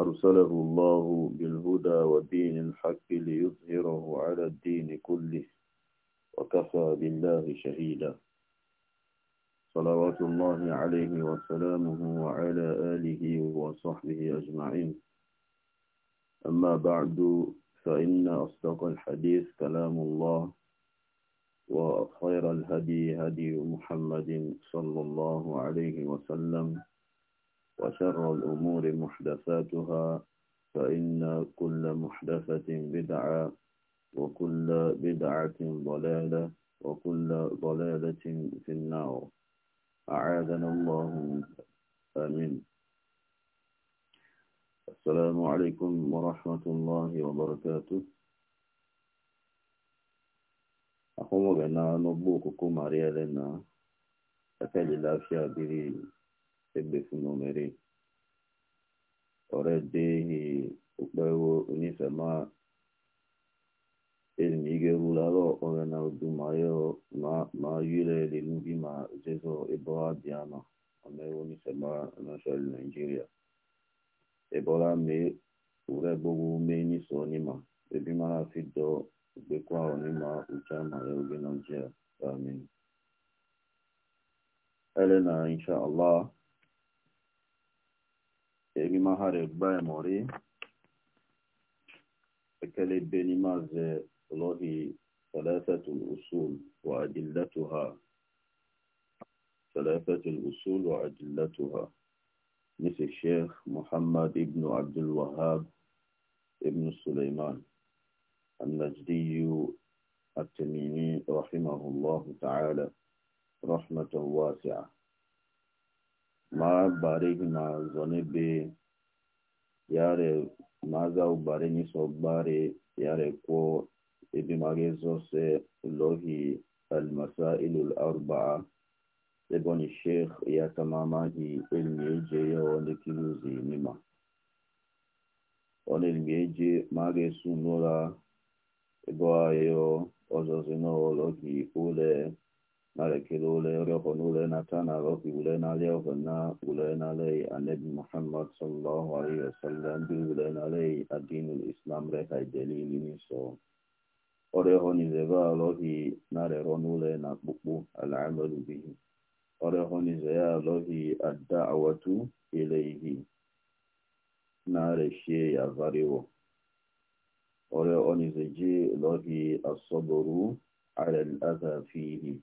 أرسله الله بالهدى ودين الحق ليظهره على الدين كله وكفى بالله شهيدا صلوات الله عليه وسلامه وعلى آله وصحبه أجمعين أما بعد فإن أصدق الحديث كلام الله وخير الهدي هدي محمد صلى الله عليه وسلم وشر الأمور محدثاتها فإن كل محدثة بدعة وكل بدعة ضلالة وكل ضلالة في النار أعاذنا الله آمين السلام عليكم ورحمة الله وبركاته أقوم بأن نبوككم أريالنا أكاد لا شابري تبفنو مريد ọrẹdehi okpewo onifema ezumike wulalo na udu ma yire lelubi ma jezo ebola biama amewo onifema nashal naijiria ebola mee ure gbogbo ume niso ma ebi mara fi do gbekwa onima ucha ma eoge nigeria amin elena inshallah erima ha regba emori ekele benimaze lohi ثلاثة الأصول وأدلتها ثلاثة الأصول وأدلتها مثل الشيخ محمد ابن عبد الوهاب ابن سليمان النجدي التميمي رحمه الله تعالى رحمة واسعة ma gbare na zonebe yare maza ubare ni so gbare yare ko ebi mage zose lohi المسائل الأربعة ابن الشيخ يا تماما هي علمي جي ونكيلوزي نما ونلمي جي ماغي سنورا إبوايو أزوزنو لوكي أولي nalekele ule riohon ule natana roki ule nale ovena ule nale anebi muhammad sallallahu alaihi wasallam bi ule nale adinul islam re haideli lini so orehon izeva alohi nareron ule na kpukpu alamalu bihi orehon izeya alohi adda'awatu ileihi nareshie ya variwo ore onizeji lohi asoboru ala al-adha fihi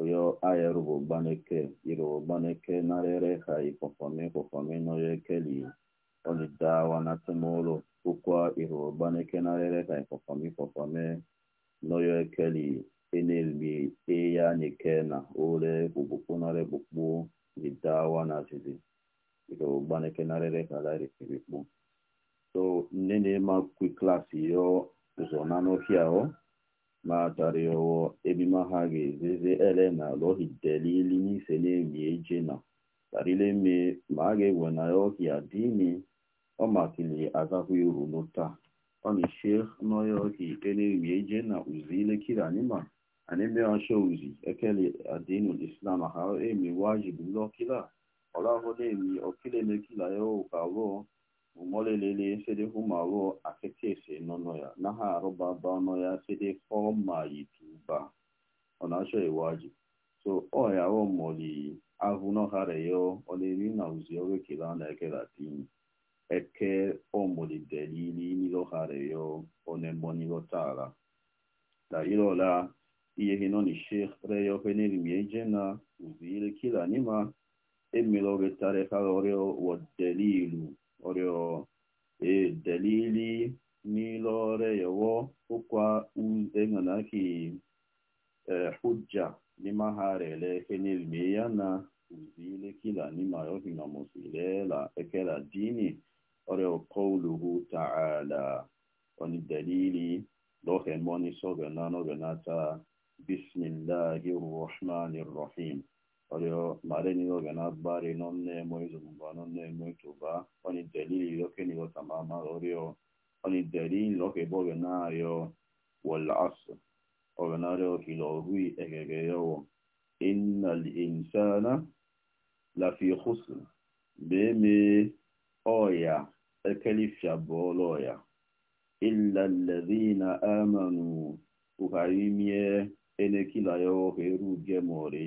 oyo ayerubo gbaneke irobo gbaneke narere ha ikpọfọmi kpọfọmi n'oyekeli onidawa na temolo ukwa irobo gbaneke narere ha ikpọfọmi kpọfọmi n'oyekeli enelmi eya nike na ole gbogbo nare gbogbo nidawa na zizi irobo gbaneke narere ha lari kirikpu so nne ma ema kwi klaasị yo ụzọ na matari ọwọ ebima ha ga-ezeze ele na lohi delili n'ise na-emi eje na tarịle mme e ma a ga-ewe na ya ọhịa dini ọ makili azakwa iru n'ụta ọ na-eche n'ọya ọhịa ike na-emi eje na uzi ilekiri anyị ma anyị mee ọcha uzi ekele adinu islam ha emi wajibu lọkila ọlahụ na-emi ọkile mekila ya ụka abụọ. umolelele sede humalo aketese nono ya naha aroba bano ya sede forma yituba onasho iwaji so oya o moli avuno hareyo oleri na uzio wekila na ekela tin eke o moli delili nilo hareyo onembo nilo tala da ilo la iye hino ni sheikh reyo peneli miejena uzile kila nima emilogetare haroreo wa delilu orio e yọwọ nilore yowo ukwa enganaki hujja nima harele ya na uzile kila nima yokina musilela ekela dini orio qawluhu ta'ala oni delili lohe moni sogenano genata بسم الله الرحمن الرحيم Orio mareni lo gana bari non ne mo izumba non ne mo tuba oni delili lo ke ni lo tamama orio oni delili lo ke bo gana yo wal asr o gana ro ki lo hui egege yo innal insana la fi khusr be me oya ekelifia bo loya illa alladhina amanu ukaimie enekila yo heru gemore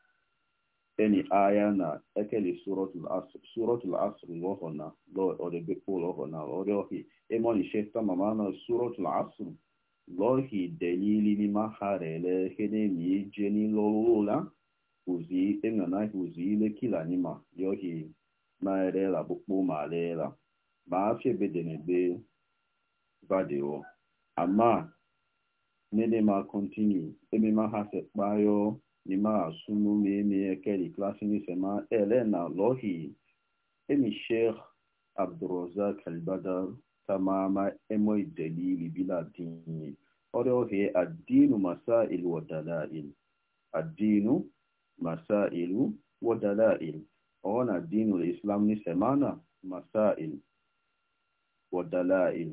any aya na ekeli suratul asr suratul asr lohona lo odebe lohona orohi emoni shefta mamana suratul asr lohi delili ni maharele hedemi jeni lolula uzi engana uzi ile kila nima yohi maerela bukpo malela ma afie bedenebe vadeo ama nene ma continue emema ha sekpayo nima sunu mimi ekeli klasi nisema elena lohi emi sheikh abdurazak albadar tamama emoi dalili bila dini orohe adinu masailu wadalail adinu masailu wadalail ona dinu lislam nisemana masail wadalail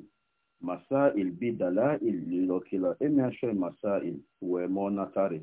masail bidalail lilokila emi ashe masail uemona tare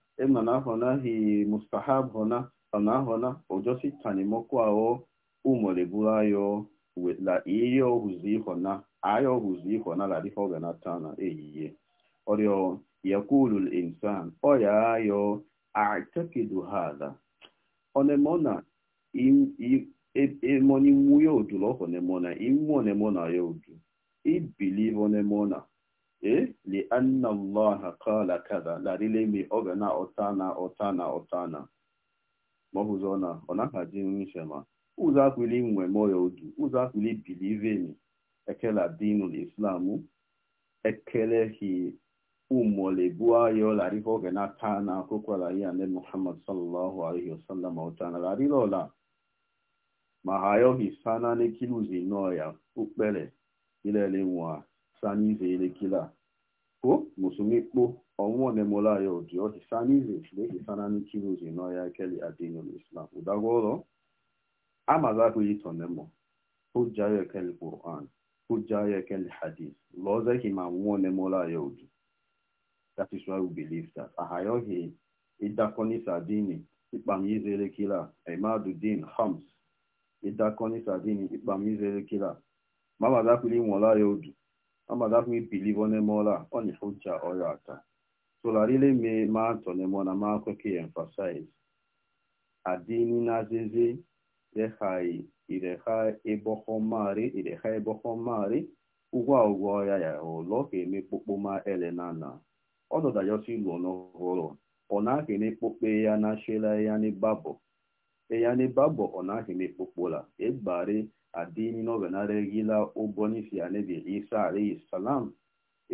na hona hi mustahab hona ana hona ojosi tani moko ao umole bulayo la iyo huzi hona ayo huzi hona la rihoga na tana eyiye oryo yakulu al-insan oya ayo a'taqidu hadha onemona im emoni muyo dulo onemona imone mona yo du i believe onemona ee lianna allaha qala kada larilemi oge na ọtana ọtana ọtana maọbụzọ na ọ na-ahaji nwishema ụzọ akwili nwe moya odu ụzọ akwili biliveni ekela dinul islam ekelehi umolebuayo larihe oge na tana akwụkwala ya ne muhammad sallallahu alaihi wasallam ọtana larilola ma ha ayọghị sana n'ekiluzi nọ ya ukpere ilele nwa sanize elekila ko musume kpo ọnwụ onemola ya ụdị ọhị sanize lehi sananikiru uzi n'ọhịa keli adinul islam ụdagwa ụlọ amazahụ itonemo hujjayo ekeli quran hujjayo ekeli hadis lọzehi ma nwụ onemola ya ụdị that is why we believe that ahayọghị ịdakonisa dini ikpamize elekila emadudin hams ịdakonisa dini ikpamize elekila mamazakwili nwụla ya ụdị amadahu ipilivo nemola onye hujja oyo ata tụgharịrị me ma atọ nemo na ma kweke emphasize adini na azizi rehai ireha ebohomari ireha ebohomari ụgwọ ụgwọ ọya ya ụlọ ga-eme kpokpo ma elenana ọdọdayosi ilu n'ụlọ ọ naghị emekpokpe ya na shela ya n'ibabo e ya n'ibabo ọ naghị emekpokpola egbari adini no benare gila ụgbọ fi ya isa alayhi salam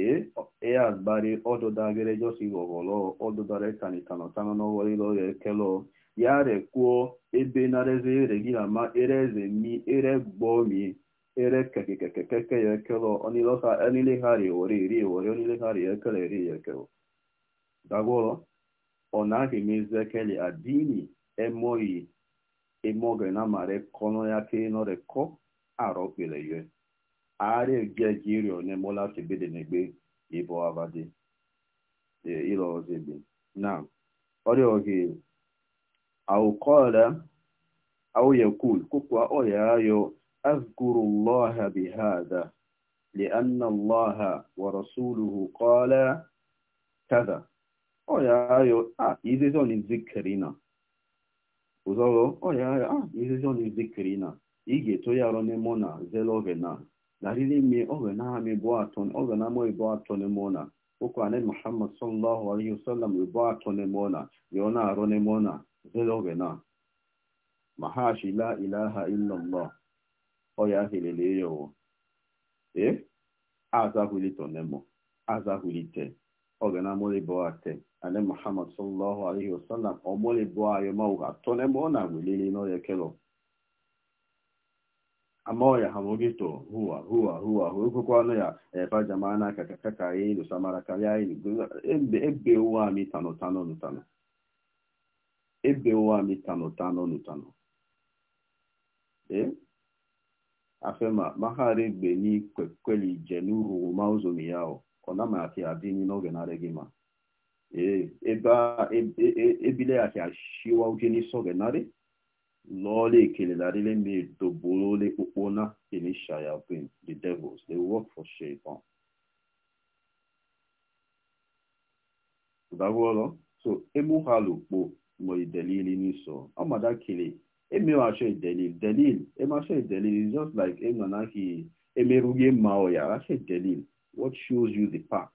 e e agbari odo da gere josi gogolo odo da re ya re kuo ebe na reze regila ma ereze mi ere gbo mi ere keke keke emoyi na mareko no ya ke no reko aro pele ye are gegiri one mola se bede negbe ibo avade e ilo zebe na ori oge au qala au yakul kukwa oya ayo اذكر الله بهذا لأن الله ورسوله قال ụzọrọ ọya izizo na izikiri na ị ga-eto ya rọ n'emo na zelo ogena dariri mi ogena ami bụ atọ ogena mo ibu atọ n'emo na ụkọ ane muhammad sallallahu alaihi wasallam ibu atọ n'emo na yo na arọ n'emo na zelo ogena ma ha shi la ilaha illallah ọya helele yowo eh azahulito nemo azahulite Ọ ga na-amụrụ ogana mole boate ale muhammad sallallahu alaihi wasallam o mole boayo mauga tone mona wilili no yekelo amoya hamogito huwa huwa huwa huko kwano ya efa e, jamana kakakaka yinu samara kalya yinu ebe ebe ụwa amị tano tano nutano ebe uwa mi tano tano nutano eh afema mahari beni kwekweli jenuru mauzumi yao ọnamaki adịghị n'oge na-arị gị ma ebileghachi e, e e, ashiwa uche n'isi oge narị lọọla ekelelarịle mmiri doborole okpo na elishaya bin the devils they work for shaitan dagwọrọ so emuhalukpo moidelili n'iso ọmadakili emewasho idelil delil emasho idelil is just like emanaki emerughi mma ọya rasho idelil what shows you the path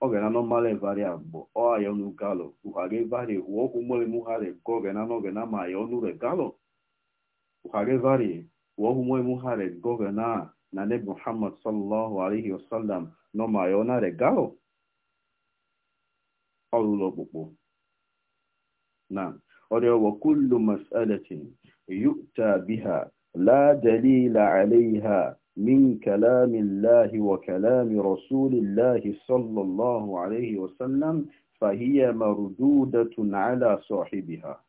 oge eh? na normal evari agbo oaya onu galo uhaga evari huo okwu mwere muhari go oge na n'oge na ma ya onu re galo uhaga evari huo okwu mwere muhari go oge na na ne muhammad sallallahu alaihi wasallam no ma ya ona re galo ọlụlọ ọkpụkpụ na ọrịa wa kullu mas'alatin yu'ta biha la dalila alaiha من كلام الله وكلام رسول الله صلى الله عليه وسلم فهي مردودة على صاحبها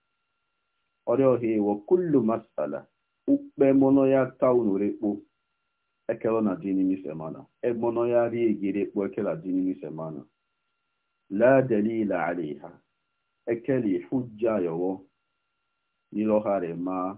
أريه وكل مسألة أبمنا يتاون رئو أكلنا ديني مسمانا أبمنا يريجي رئو أكلا ديني مسمانا لا دليل عليها أكلي حجة يو نلوها رما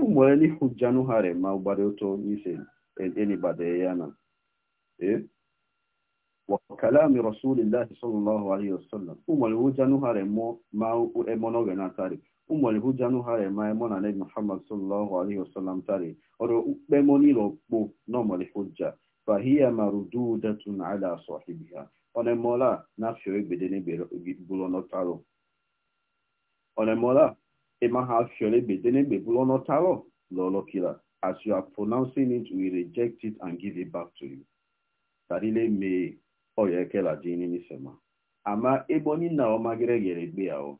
umweli hujanuhare ma ugbara oto nise enibade yana e, wakalami rasulillahi sallallahu alaihi wasallam umweli hujanuhare ma emonoge na tari umweli hujanuhare ma emo na nabi muhammad sallallahu alaihi wasallam tari oro ukpemo nilo kpo n'omweli hujja fahiya marududatun ala sahibiha onemola na fio egbede n'egbere gburu ọnọtaro onemola ha Sholebedenebe Bulono Talo, Lolo Killer. As you are pronouncing it, we reject it and give it back to you. Tarile oh, me oyekela jini nisema. Ama eboni na omagere gerebe yao.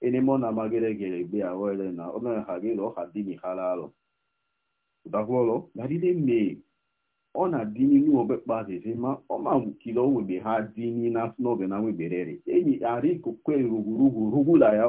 Enemo na magere gerebe yao ele na ono ya tarile me ọ na-adị n'ihu okpekpa azịzi ma ọ ma o webe ha dị n'oge na weberere enyi arị kokwe rugwurugwu ya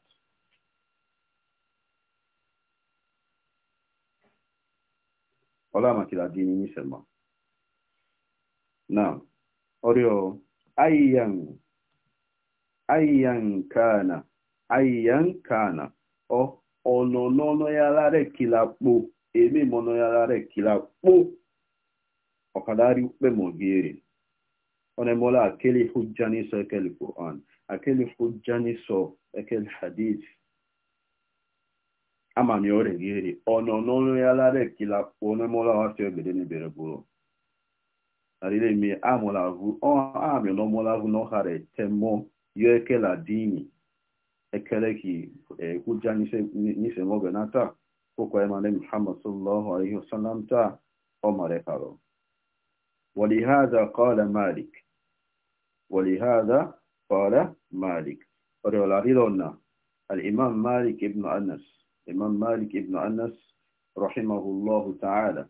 kila wala makila dini miselma naam oryo ayyan ayyan kana ayyan kana o ononono yala re kilapo emi mono yala re kilapo okadari pe mogere one mola akeli hujjani so ekeli qur'an akeli hujjani so ekeli hadith amamiore gheri ọnọ n'ọnụ ya lara ekila onemola wafi ogede n'ibere gburu ariremi amụlavu ami n'ọmụlavu n'ọhara etemo yo ekela dini ekele ki ekwuja n'ise moge na taa kwukwa emane muhammad sallallahu alaihi wasallam taa ọ mara ekaro malik anas. إمام مالك ابن أنس رحمه الله تعالى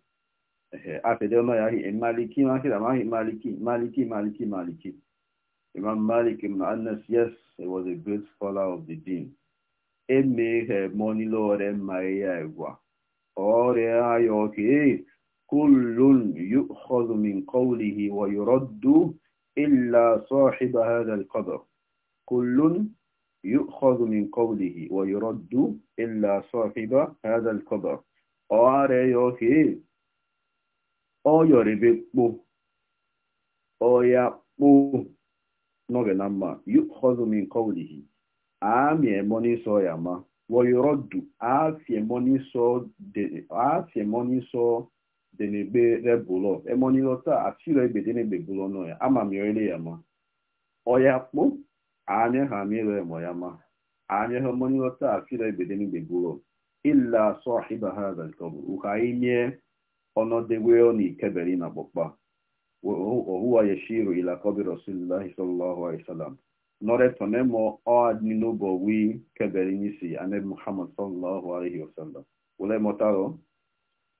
أفدنا يعني مالكي ما كده ما هي مالكي مالكي مالكي مالكي Imam Malik Ibn Anas, yes, he was a great scholar of the deen. Eme he moni lo re maia ewa. Ore ayo ke kullun yu'khadhu min qawlihi wa yuraddu illa sahib hadha al-qabr. Kullun يؤخذ من قوله ويرد إلا صاحب هذا القبر أعرى يوكي أو يربكو أو يقو نغلما يؤخذ من قوله آم يموني سو يما ويرد آف يموني سو آف يموني سو denebe rebulo emoni lota ati rebe denebe bulo no ya ama mi ele yama oyakpo anye ha mire moyama anye ha moni lota afira bedeni beguro illa sahiba hadha alqabr ukaimie ono dewe oni keberi na bokpa wa huwa yashiru ila qabri rasulillahi sallallahu alaihi wasallam nore tonemo oad ni nobo wi nisi muhammad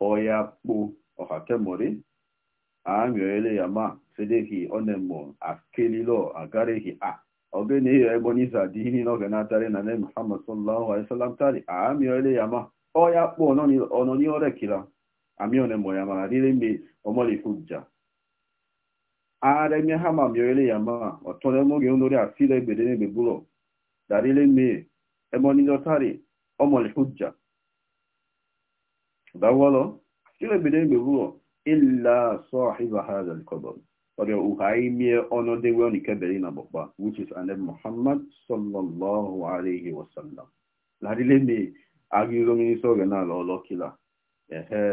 oya kpo ọhakemori anyọ ele ya ma sedeghi onemo akelilo agarịghị a ogene ihe egbonyiza dị ihe n'oge na-atarị na ne muhammad sallallahu alaihi wasallam tari amiole ya ma oya kpo ononi ore kila amione moya ma rire mi omoli hujja are mi ha ma miole ya ma otore mo ge onori afile egbede ne gbeburo darile mi emoni lo tari omoli hujja dawolo afile egbede ne gbeburo illa sahiba hadha al-qabr ọrịa uhaimie ọnọdewe onikebere na bọkpa which is anab muhammad sallallahu alaihi wasallam ladile me agiro minisa oge na ala ọlọkila ehe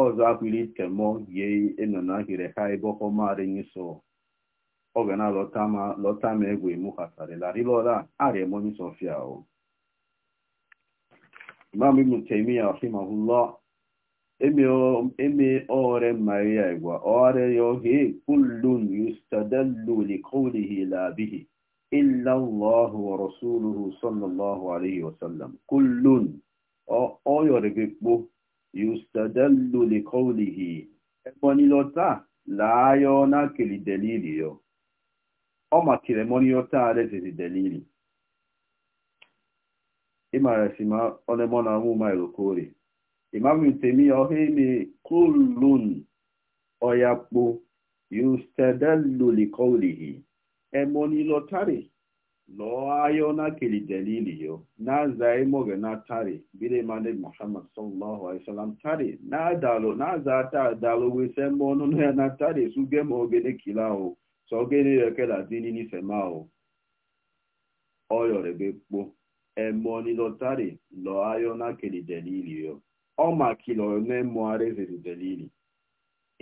ọzọ akwụrụ itemo ye eno na ahịrị ha ebe ọkọmarị nyiso oge na lọta ma egwu emu hatari larilọla arịa emo nyiso fia o imam ibn taymiya rahimahullah eme ore maria igwa ore yohe kullun yustadallu liqawlihi la bihi illa Allah wa rasuluhu sallallahu alayhi wa sallam kullun oyore gbogbo yustadallu liqawlihi eboni lota la yo na kili delili yo o ma kile moni yota ale ti delili imara sima ole mona mu ma ilokori imam ntemi ọhaime kulun ọyakpo yustadallu liqawlihi emoni lotari lọ ayọ na keli dalili yo na zai moge na tari bile mane muhammad sallallahu alaihi wasallam tari na dalo na za ta dalo we se monu na na tari su ge mo ge ne kila o so ge ne ke la dini ni se ma o oyo re be po emoni lotari lọ ayọ na keli dalili ọma kilo ne muareziri delili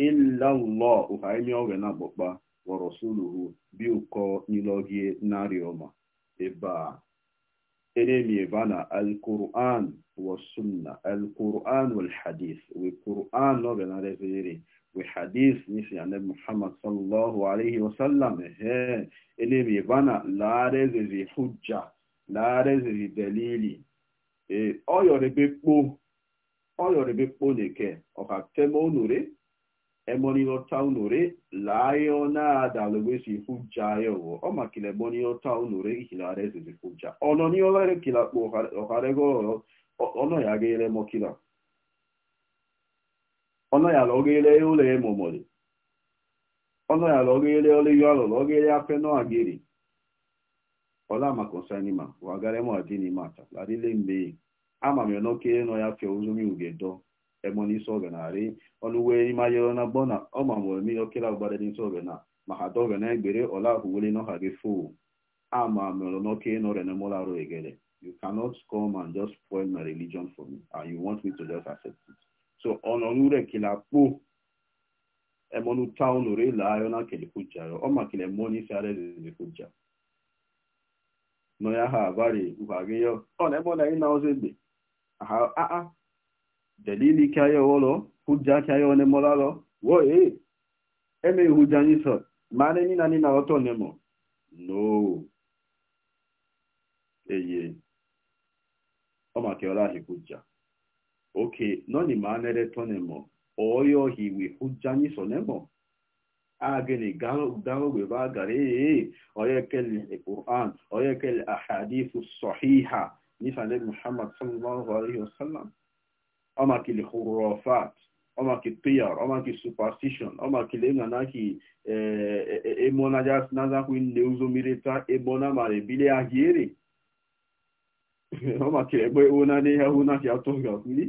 illallah uhaimi oge na akpọkpa warosuluhu bi ụkọ nilogie narị ọma ebe a enemiyebana alquran wasunna alquran walhadith we quran oge na reziri we hadith nisi ane muhammad sallallahu alaihi wasallam ehe enemiyebana lareziri hujja lareziri delili e, ọ yọrọ ebe kpoo oyorebe kponeke ọkatema onore emonilọta unore laayo naadalowesi hujayo wo ọmakila emonilọta unore ihilare ezezi huja ọnọniolare kila kpo ọharego ọnọya geere mọkila ọnọya ụlọ emomori afenọ agiri ọla maka larile ama m noke nọ ya fia uzumi ugedo emoni sogenari onuwe imayona bona oma mwemi okela ubare din sogena mahado gena egbere ọla huweli no hage fo ama m noke no rene mola ro egere you cannot come and just spoil my religion for me and you want me to just accept it so kila emonu ore ya ha ha a'a ah, ah. dalili kayo wolo hujja kayo ne molalo wo e eme hujja ni so mare ni nani na oto nemo no eye o ma ke ola hi hujja okay no ni manere to nemo oyo hi wi hujja ni so nemo agene galo gwe ba gare eh. oye kel qur'an oye kel ahadithu sahiha nífàdé muhammad sallallahu alayhi wa sallam ọmọ kìlì khurafat ọmọ kì piyar ọmọ kì superstition ọmọ kìlì nana kì emo naja nazakwu nne uzo mmiri ta ebo na mara ebili ahịere ọmọ kìlì egbe ewu na n'ihe hụ na kìa tụghị ọkpili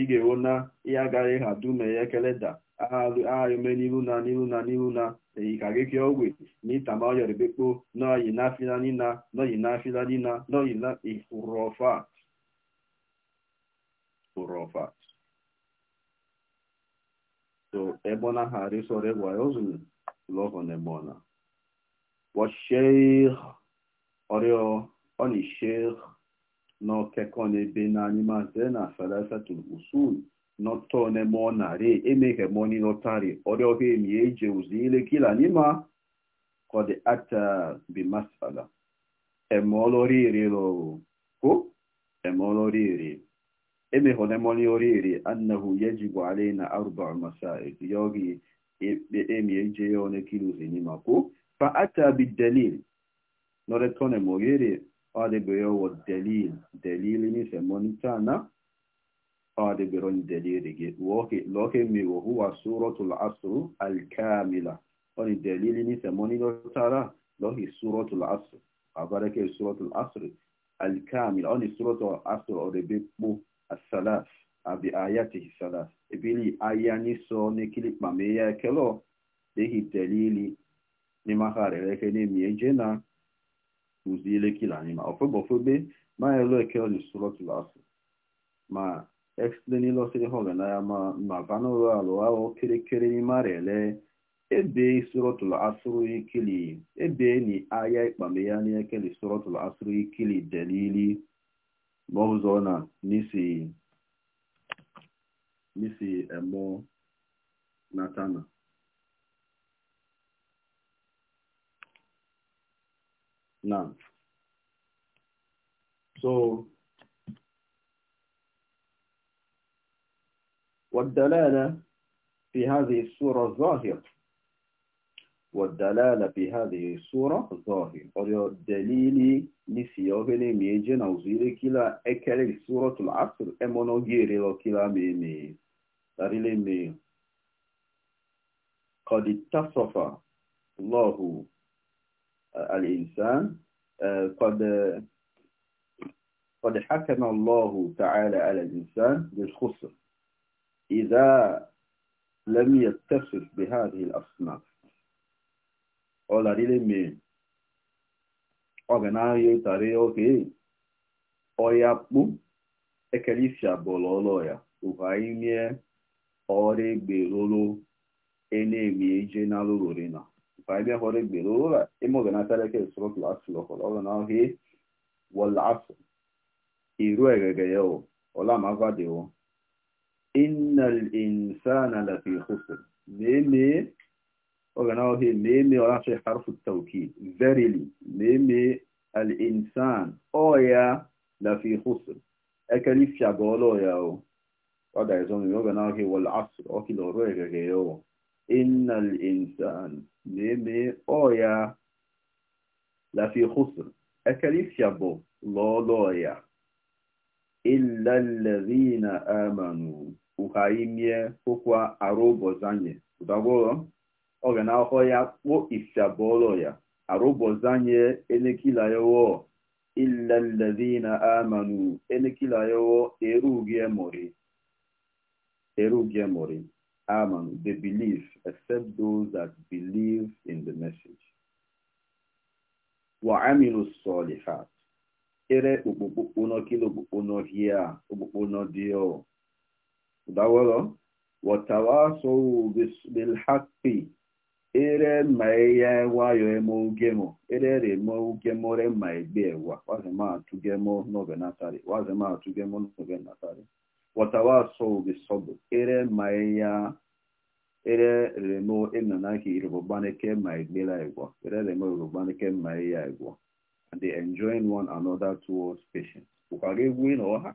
ị ga-ewu na ihe agaghị ha dume ya keleda aarịmenilu na n'ilu na n'ilu na ịka gị kịa ogwe na ịtama n'ina nọyi nafilani na nọyi nafilani na nọyi na ịfụrọfa fụrọfa so ebona ha resọrọ egwa wa sheikh ebona washeikh sheikh ọnishekh n'ọkekọ n'ebe na anyị mazị na falasatul usul notone mona re emeke moni notari oreo mieje uzile kila nima ata bimasala emoloriri ku emoloriri emehone oriri annahu yajibu alaina arba masail yogi emieje e, e yone kiluzi ku fa ata bidalil dalil ni قادم دليل وكي لوكي مي وهو سورة العصر الكاملة أن دليل نسموني ترى لوكي سورة العصر أبارك سورة العصر الكاملة أن سورة العصر أربيبو الثلاث أبي آياته الثلاث إبلي آياني سو نكلي مامي كلو لهي دليل نمخار لكي نمي جنا وزيلي كلا نما أفبو فبي ما يلو كلو سورة العصر ما explain lọsịrị ha ọganaya uh, ma ma banụrụ uh, alụ ahụ uh, oh, kirikiri n'ime arele ebe sorotul asụrụ ikili ebe ni aya ikpame ya na ekeli sorotul asụrụ ikili delili n'ọzọ na n'isi n'isi emo natana na so والدلالة في هذه الصورة ظاهر والدلالة في هذه الصورة ظاهر والدليل ميجن أو نوزيري كلا أكل سورة العصر امونوغيري لو كلا ميمي داريلي مي قد اتصف الله آه، الإنسان آه، قد قد حكم الله تعالى على الإنسان بالخسر إذا لم يتصف بهذه الأصناف أولا ọ أغنى يتاري أوكي أويابو ekelifia bọlọlọ ya uvaimie ọrụ egberolo enemi eje na lororina uvaimie ọrụ egberolo la emogenatareke sọrọ klasị lọkọrọ ọrụ na ọhịa wọlafọ iru egegeye o innal insana lafi khusr meme ogana he meme ora she harfu tawkid verily meme al insan oya lafi khusr akalif ya golo ya o oda izo mi ogana he wal asr o kilo ro ege yo innal insan meme oya lafi khusr akalif ya bo lo lo ya إلا الذين آمنوا uhaimie ụkwa arụbozanye ụdagworo oge na ahọ ya kpo isi abụọlọ ya arụbozanye elekilayowo ilelezina amanu elekilayowo erugiemori erugiemori amanu the believe except those that believe in the message وعملوا الصالحات ere okpokpo n'ọkịla okpokpo n'ọhịa okpokpo n'ọdịọ dawolo watawasowu bilhaqi ere ma ya wayo emo ugemo ere remo ugemo re ma ebe ewa waze ma atugemo n'oge natari waze ma atugemo n'oge natari watawasowu bisobu ere ma ya ere remo enanaki irobobaneke ma egbela egwa ere remo irobobaneke ma ya egwa and they enjoying one another towards patient patience ukage ịnọ ha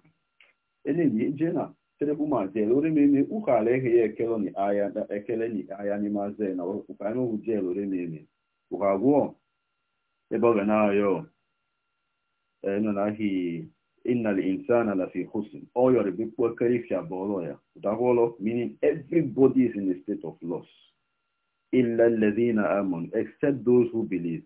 ije na. terebu mazel orememe ukhara egheghe ekele ni ahịa ekele ni ahịa n'ime azel na ụkanụ jel orememe ụha gwụọ ebe ọ ga na-ayọ e nọ n'ahị innal insana la fi husn all your people carry ya bolo ya dagolo meaning everybody is in a state of loss illa alladhina amanu except those who believe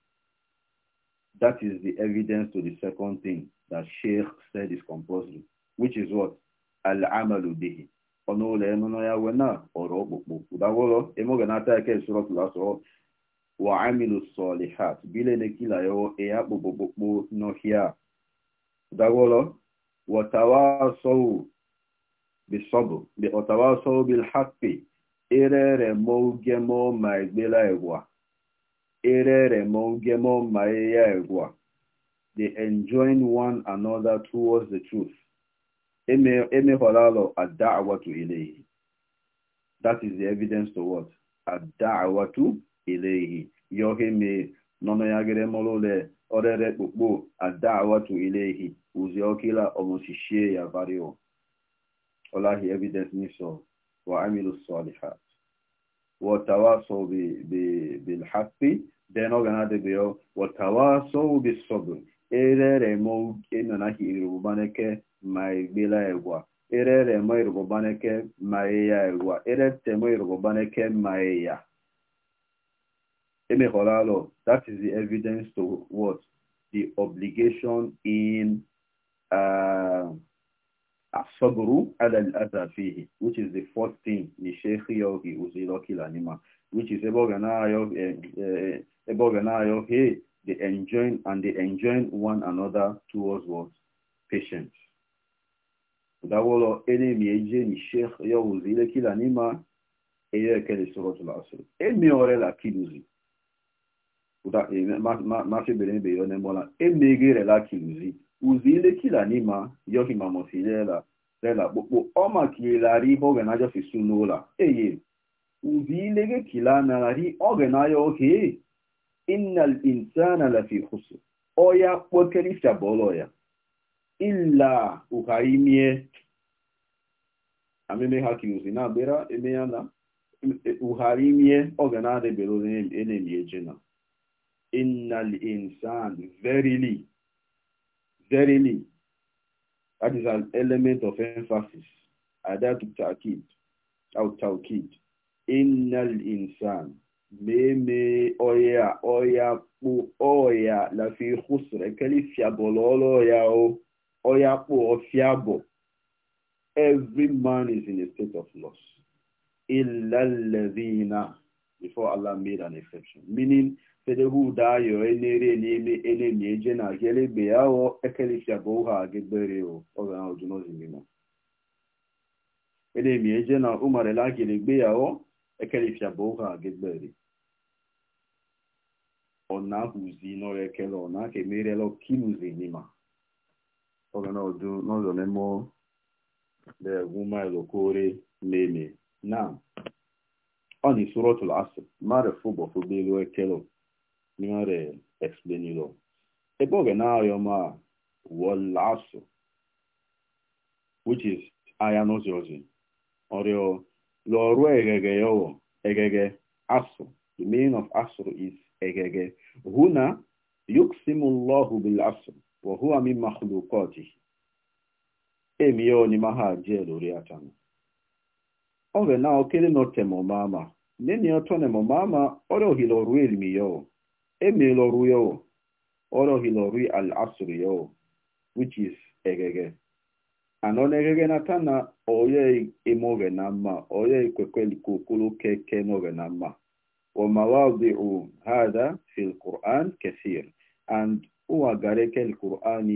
That is the evidence to the second thing that Sheikh said is compulsory, which is what? Al-amalu bihi. Ọ̀nà ụlọ ẹnu na ya wena ọ̀rọ̀ ọkpụkpụ. Ụdagwọrọ, emoge na ata eke sọrọ tụrụ asọrọ. Wa amilu sọlihat, bile na kila ya ọ eya kpụkpụkpụ n'ọhịa. Ụdagwọrọ, wọtawa sọwụ bisọbụ, ọtawa sọwụ bilhakpi, ere ere mọ uge They enjoin one another towards the truth. That is the evidence to what? Ad-da'watu ilayhi. Yohime nọnọyagere mọlụle orere kpukpo ad-da'watu ilayhi. Uzi okila omosishie ya vario. Olahi evidence niso wa amilu salihat. so be وتواصوا بالحق then ogana so be وتواصوا بالصبر ere mo enana ki irubaneke mai bila ere erere mo irubaneke mai ya ere erete mo irubaneke mai ya emeholalo that is the evidence to what the obligation in uh, Asabru al-Azafihi, which is the fourth thing, ni Sheikhi Yogi Uziloki Lanima, which is Eboganayo, hey, they enjoin and they enjoin one another towards what? Patience. Dawolo ene mieje ni Sheikh Yogi Uziloki Lanima, eye kele suratul asr. Emi ore la kiluzi. Uda, ma, ma, ma, ma, ma, ma, ma, ma, ma, ma, ma, ma, ma, ma, ma, uzile kila nima yohi mamosilela lela kpokpo ọma kilarị ihe oge na fi sunola eye kila oge na aya oge innal insana lafi khusr oya kpokerifia bọlọ ya ha kiruzi na agbera eme ya na uharimie oge na adịbere onye enemi ejena innal insan verily Verily, that is an element of emphasis. Adatu ta'kid, au ta'kid. Innal insan. me me oya, oya, pu oya, la fi khusre, keli fiabo lolo ya o, oya pu o fiabo. Every man is in a state of loss. Illa alladhina. Before Allah made an exception. Meaning, fedehuda yo enere eneme enemi eje na gelebe ya o ekelifia bo ha gebere o oga ojuno zimimo enemi eje na umare la gelebe ya o ekelifia bo ha gebere ona huzi no ekele na ke mere lo kinuzi nima oga na odu no zo nemo de guma elokore meme na Ọ na-esoro oni suratul asr mare fubo fubelo ekelo Mihare explain you Epo Eboge na ayoma wallasu, which is ayanozozi. Oreo loru egege yowo egege asu. The meaning of asru is egege. Huna yuksimu Allahu bil asru wa huwa min makhluqatihi. Emi yo ni maha je lori atanu. Oge na okele no temomama. Nini otone momama ore ohilo rueli miyo. emela ọrụ ya ọrọghịla ọrụ asụrụ ya which is egege anọ na egege na ta na oye eme oge na mma oye ikwekwelike okporo keke n'oge na mma ومواضع هذا في القرآن كثير and ụwagareke القرآن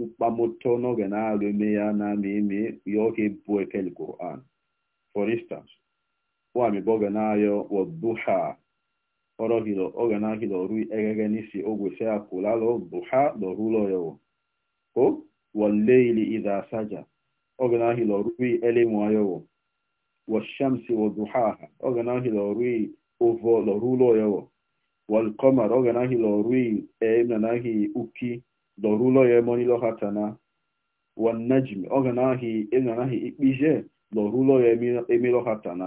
mkpamoto n'oge na-arụ eme ya na ama eme ya oge bụ ekele Quran for instance ụwa mebe oge na-ayọ waduha orohilo oge nahilo ru egege n'isi ogwese akwụlalo bụ ha lọrụlọ yawo o waleili ida asaja oge nahilo ru elimu ayawo washamsi waduhaha oge nahilo ru ovo lọrụlọ yawo walkomar oge nahilo ru emna nahi uki lọrụlọ ya emonilo hatana wanajmi oge nahi emna nahi ikpije lọrụlọ ya emilo hatana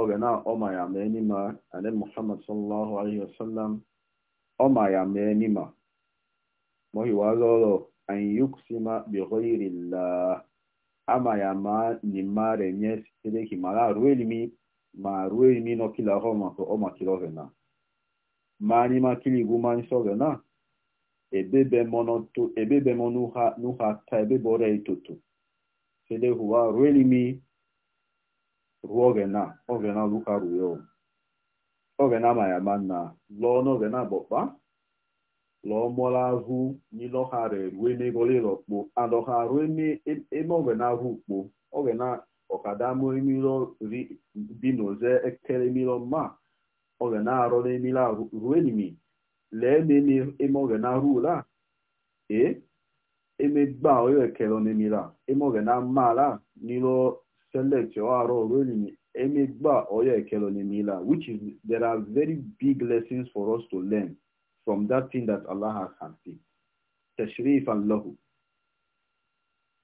oge na ọma ya mee n'ime ane muhammad sallallahu alaihi wasallam ọma ya mee n'ime mọhiwa lọrọ an yuksima bi ghairi llah ama ya ma ni mare nye sede ki mara ruelimi ma ruelimi no kila homa to ọma kila oge na ma ni ma kili igu ma nso oge na ebebe mọnọ to ebebe mọ nuha nuha ta ebebe ọrịa itoto sede huwa ruelimi ruo oghena oghena luka ruo oghena mayama na lọọ n'oghena bọkpa lọọ mọla hụ n'ilọha re rue n'egoli lọkpo and ọha rue n'eme e, oghena hụ ukpo oghena ọkada mụ emilo ri bi n'oze ekele emilo mma oghena arọ n'emila rue n'imi lee n'eme eme oghena ruola ee emegba oyo ekele n'emila eme oghena mmala n'ilo select your RO really emigba or your ekelonimila, which is there are very big lessons for us to learn from that thing that Allah has seen. Tashrif and lahu.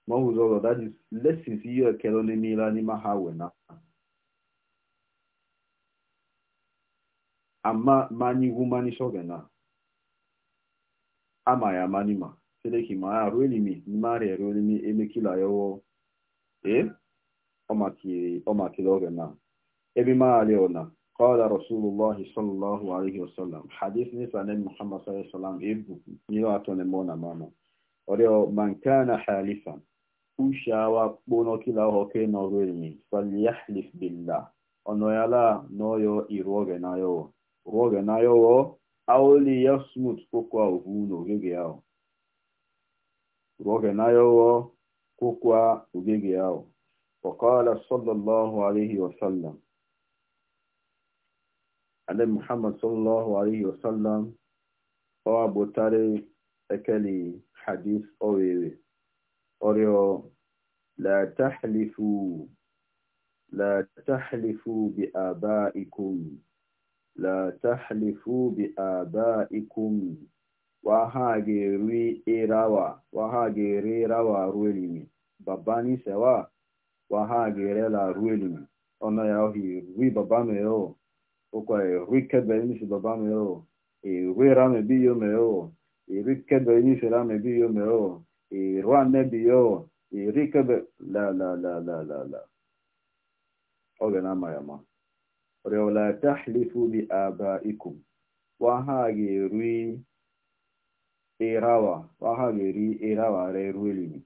zoro that is lessons your ekelonimila ni na. Ama mani wumani na. Ama ya manima. Sedeki ma ya really me, mari really me, emekila yo. Eh? ọmọ kìlọ̀ rẹ̀ náà ebi máa lè ọ̀nà kọ́ọ̀lá rasulullahi sallallahu alaihi wasallam hadith ní sanẹ́ni muhammad sallallahu alaihi wasallam ebu nílò àtọ́nẹmọ́ na mama ọ̀rẹ́ ọ mankana halifan ushawa kpono kila hoke na ọrụ enyi falyahlif billah ọnọyala n'ọyọ iru oge na yọwọ ruo oge na yọwọ aoli ya smut kokwa ovu n'ogige ahụ ruo oge na yọwọ kokwa ogige ahụ وقال صلى الله عليه وسلم عند محمد صلى الله عليه وسلم هو أبو تاري أكلي حديث أويوي أريو لا تحلفوا لا تحلفوا بآبائكم لا تحلفوا بآبائكم وهاجري إراوا وهاجري روا رولي باباني سوا wa ha gere la ruelin ona ya ohi rui baba me o okwa e rui kebe ni si baba me o e rui ra me me o e rui kebe ni si ra me o e rua ne bi e rui kebe la la la la la la oge na ama ya ma ore ola tahlifu bi abaikum wa ha ge rui erawa wa ha ge ri erawa re ruelin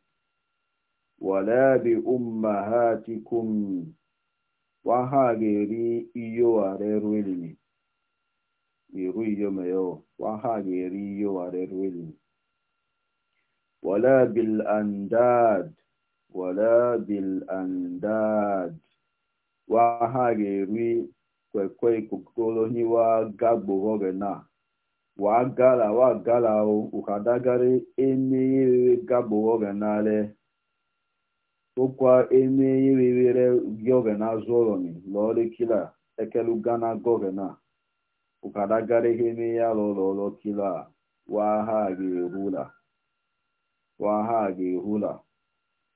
ولا بأمهاتكم وهاجري إيو أريرويلني يرو إيو ميو وهاجري إيو أريرويلني ولا بالأنداد ولا بالأنداد وهاجري kwekwe kokolo ni wa gagbo hoge na wa gala wa gala o ukadagari emi gagbo hoge na le ụkwa eme ihe rewere gị ogene azụ ụlọ ni lọọrị kila ekelugana gọgena ụkadagara eme ya lọlọlọ kila waha ga-ehula waha ga-ehula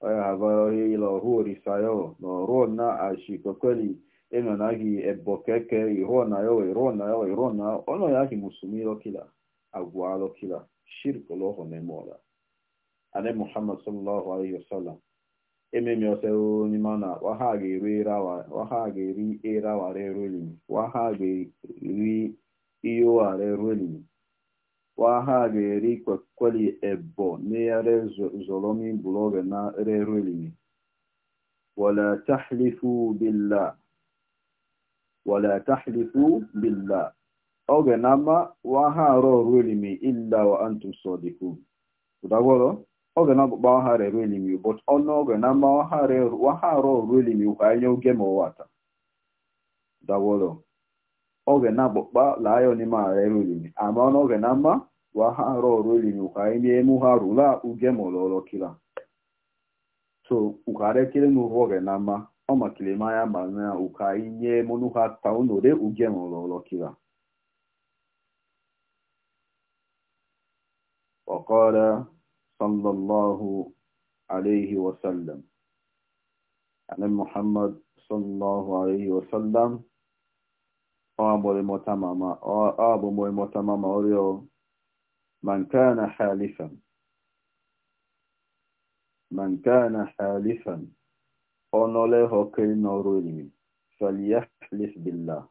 ọya havarohe lọhụ orisayo lọrụọ na ashikokweli enonagi ebokeke ihọ na yo irọ na yo irọ na ọnụ ya ki musumi lọkila agwa lọkila shirk lọhọ memola ane muhammad sallallahu alaihi wasallam ha ememi oseo nyimana wahageri eraware rolin wahageri ha ga-eri kwekweli ebo neyare zolomi buloge na re rolin ولا تحلفوا بالله ولا تحلفوا بالله أو نما وها رو رولمي إلا oge na ọkpụkpa ọhara eru elimi but ọnụ oge na ama ọhara wahara oru elimi kwa anya oge ma ụwata dawolo oge na akpụkpa laayo n'ime ara eru ama ọnụ oge na ama wahara oru elimi kwa anya emu ha rula uge ma ụlọọlọ kila so ukhara kele n'uru oge na ama ọ makile anya ma na ụka inye mụnụ ha ta unore uge ma ụlọọlọ kila وقال صلى الله عليه وسلم عن محمد صلى الله عليه وسلم أبو المتمامة أبو المتمامة أريو من كان حالفا من كان حالفا أنوله كين رولي فليحلف بالله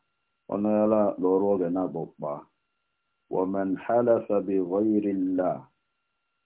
أنولا لروغ نبوبا ومن حلف بغير الله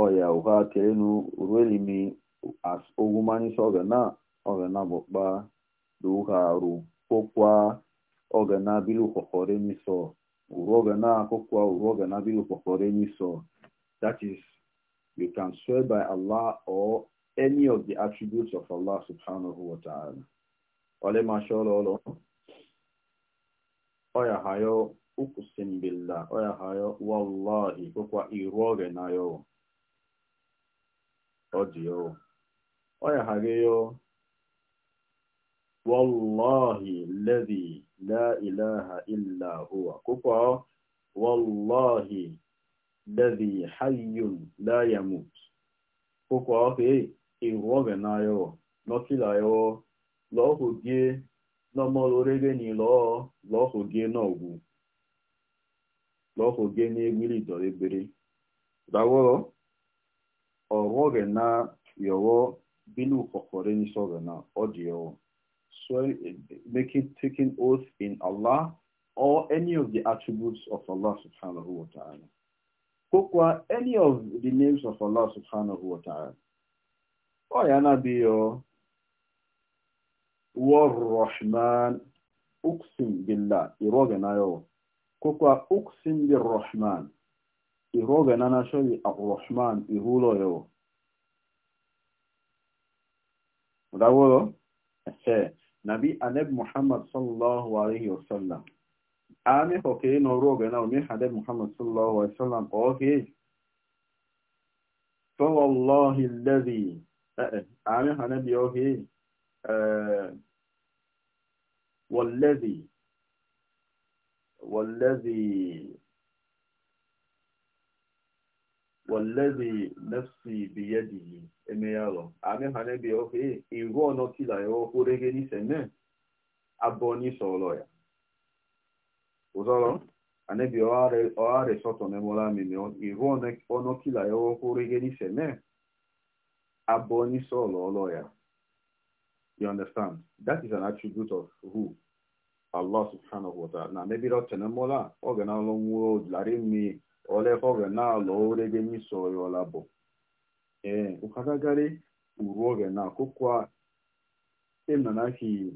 ọya ụha kenu ruelimi ogwumanisi ogena ogena bụkpa duha ru kokwa ogena bilu kokore miso uru ogena kokwa uru ogena bilu kokore miso that is you can swear by Allah or any of the attributes of Allah subhanahu wa ta'ala ole mashallah oya hayo ukusin billah oya hayo wallahi kokwa iroge na yo ọdịyo ọya hageyo wallahi ladhi la ilaha illa huwa kukwa wallahi ladhi hayyun la yamut kukwa oke iwoge nayo nokilayo lohugie nomolorege ni lo na lo lohugie n'ogwu lohugie n'egwiri dọrọ ebere daworo ọ̀rọ̀gẹ̀ na yọ̀wọ́ bínú kọ̀kọ̀rẹ́ ní sọ̀rọ̀ na ọ̀dìyọ̀ swearing making taking oath in Allah or any of the attributes of Allah subhanahu wa ta'ala kokwa any of the names of Allah subhanahu wa ta'ala ọ ya na-abịghị warrahman uksin billah irọgẹ̀ na yọ̀wọ́ kokwa uksin birrahman iroga na nashori arrahman ihulo yo dawolo ehe nabi Aneb muhammad sallallahu alaihi sallam. ami hoke no roga na mi hade muhammad sallallahu alaihi sallam. oke fa wallahi alladhi ami hanabi oke والذي والذي wallazi nafsi biyadihi emeyalo ame hane bi oke iwo no kila yo kurege ni sene aboni solo ya uzolo ane bi oare oare soto ne mola mi ne iwo ne ono kila yo kurege ni sene aboni solo loya you understand that is an attribute of who Allah subhanahu wa na maybe rot ne mola ogana lo mu lare na-alụ olefoge nalo urege nyisoyo labo eh ukakagari uruoge na kukwa emnanaki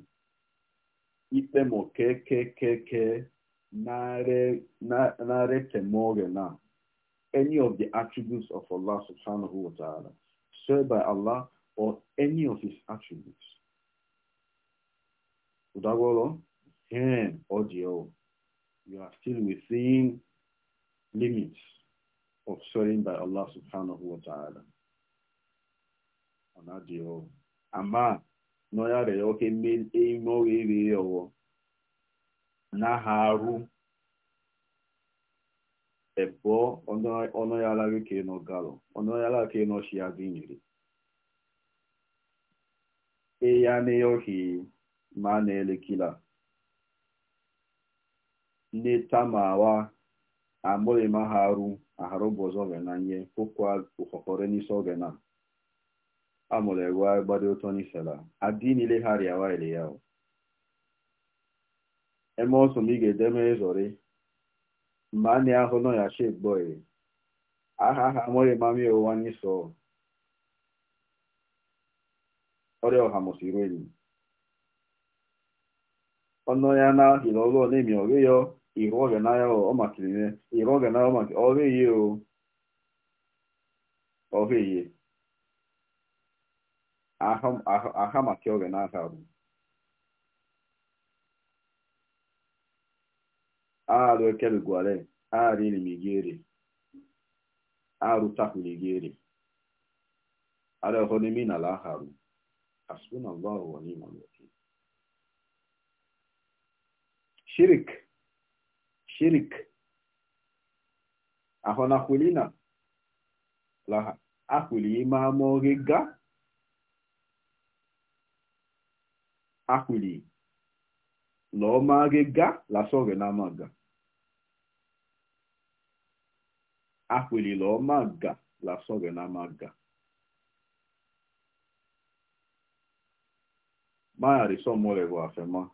ikpe mokekekeke naretemoge na any of the attributes of Allah subhanahu wa ta'ala said by Allah or any of his attributes udagolo him or you are still within limits of swearing by Allah subhanahu wa ta'ala. Ọ na-adị ọrụ. Ama n'ọya rere oke ime ọrụ iri ọwọ n'aha arụ ẹ̀bọ́ ọ̀nà alárékè nọ galọ̀ ọ̀nà alárékè nọ ṣe àdínyìrì. Eya ní ọ̀hì máa na-elekila. Nne tamawa. arụ amole maharu aharu bozo venanye fokwa ukokore ni sogena amole wa gbade oto ni sela adini le hari awa ile yao eme ọsọ m ị ga-edeme ịzọrị Mgbe a na-ahụ nọ egbọghị. Aha bọị aha ha amụghị mami ụwa n'ịsọ ọrịa ọha mụsịrị enyi ọnụ ya na ahịrị ọlụ na-emi ọghị ya ịrụ oge n'ahịa ọ makiri ịrụ oge n'ahịa ọ makiri ọrụ eyi o ọrụ eyi aha maka oge n'aka bụ arụ ekebe gware arụ ọhụrụ n'ime n'ala ọrụ asụsụ na mgbe shirik shirik ahonakulina la akuli mamoriga akuli lomariga la soge na maga akuli lomaga la soge na maga maya riso molevo afema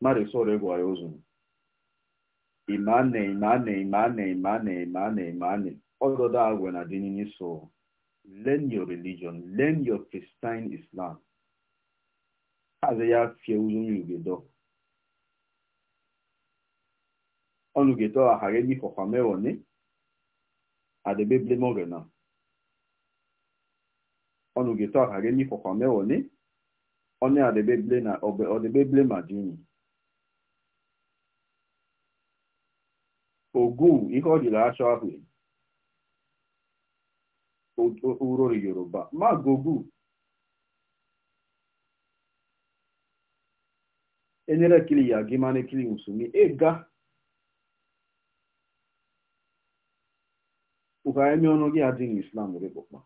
ma riso revo ayozunu imane imane imane imane imane imane all other agwe na dinini so learn your religion learn your christian islam aze ya fie uzun lugedo onugedo ahare ni fofamero ni adebeble morena onugedo ahare ni fofamero ni onye adebeble na obe odebeble madini ogu ihe ọ jiri achọ ahụ urori yoruba magogu enyere kili ya gị mana kili musumi ịga ụgharịmi ọnụ gị adịghị islam rịpọkpa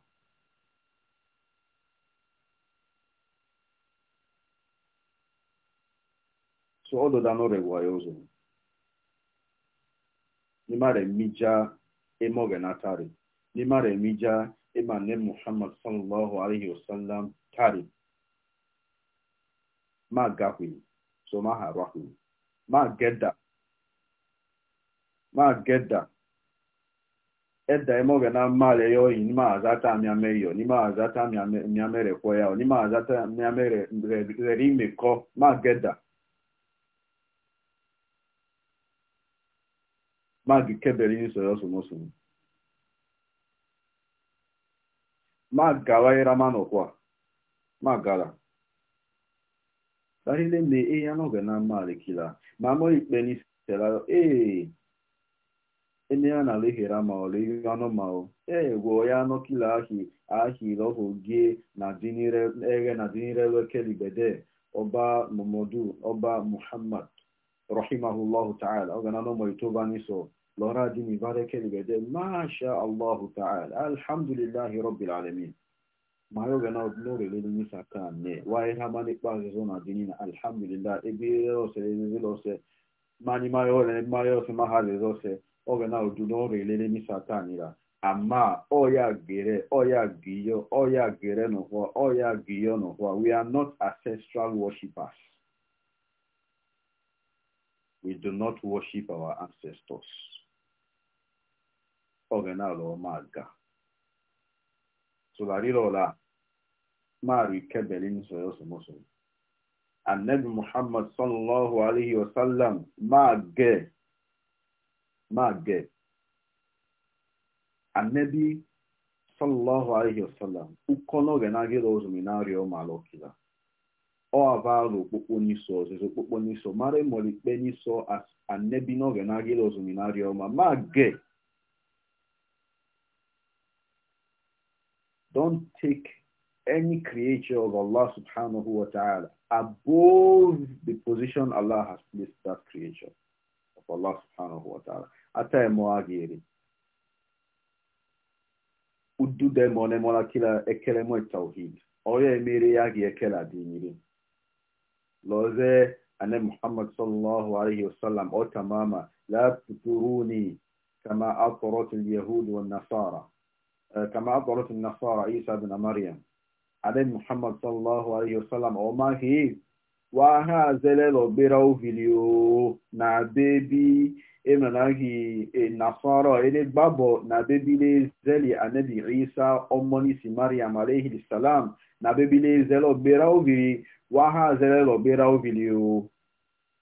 so ọdụda n'ọrịa ụwa ya ụzọ nimaremija emogenatari nimaremija imane e muhammad sallallahu alaihi wasallam tari ma gahwi so ma harahwi ma geda ma geda eda e ma male yo in ma azata miame yo azata miame ma azata miame re, re, re, re, Maazị Kebere so ya somoso. Ma gawa irama n'ụkwa. Ma gara. Barile me e anọghị n'oge na mma alikila. Ma mo ikpe ni sela ee. Ene ya na lehere ma ole ihe anụ ma o. Ee gwọ ya anụ kila ahị ahị lọhụ gị na dinire ege eh, na dinire lekeli bede. Ọba Muhammadu, Ọba Muhammad. rahimahullahu ta'ala ọgana lọmọ ìtọba ní sọ lọ́ra dín ní bárakẹ́ ìgbẹ̀dẹ́ máṣá allahu ta'ala alhamdulillahi rabbil alamin ma yóò gana lórí lórí ní sàkà ní wáyé ha má nípa àṣẹṣọ náà dín ní alhamdulillah ebi lọ́sẹ̀ ebi lọ́sẹ̀ má ní máyọ̀ rẹ̀ máyọ̀ sí máa rẹ̀ lọ́sẹ̀ ọgana òdu lórí lórí ní sàkà nira àmà ọ̀yà gèrè ọ̀yà gìyọ ọ̀yà gèrè nùkwá ọ̀yà gìyọ nùkwá we are not ancestral worshippers. we do not worship our ancestors. Ogenala Omaga. Solarirola Mari Kebelin Soyosomoso. And Nabi Muhammad sallallahu alayhi wa sallam Mage. Mage. And Nabi sallallahu alayhi wa sallam. Ukono genagiro zuminari o malokila. ọavalo okpukpo n'iso ọzụzụ okpukpo n'iso mara ịmọrọ ikpe n'iso anebi n'oge na-agịla ọzụminarị ọma ma ge don't take any creature of Allah subhanahu wa ta'ala above the position Allah has placed that creature of Allah subhanahu wa ta'ala. Ata emo agiri. Udu demo ne mola kila ekele mo tawhid. Oya Emere ya gi ekele adiniri. loze ane muhammad sallallahu alaihi wasallam o tamama la tuturuni kama atarat alyahud wannasara kama atarat annasara isa ibn maryam ane muhammad sallallahu alaihi wasallam o ma hi wahazelelobera ovilio na bebi emanagi nasara ele na e bebile zeli anabi isa omonisi mariam alayhi na bebile zelo ovili wahazelelo bera ovilio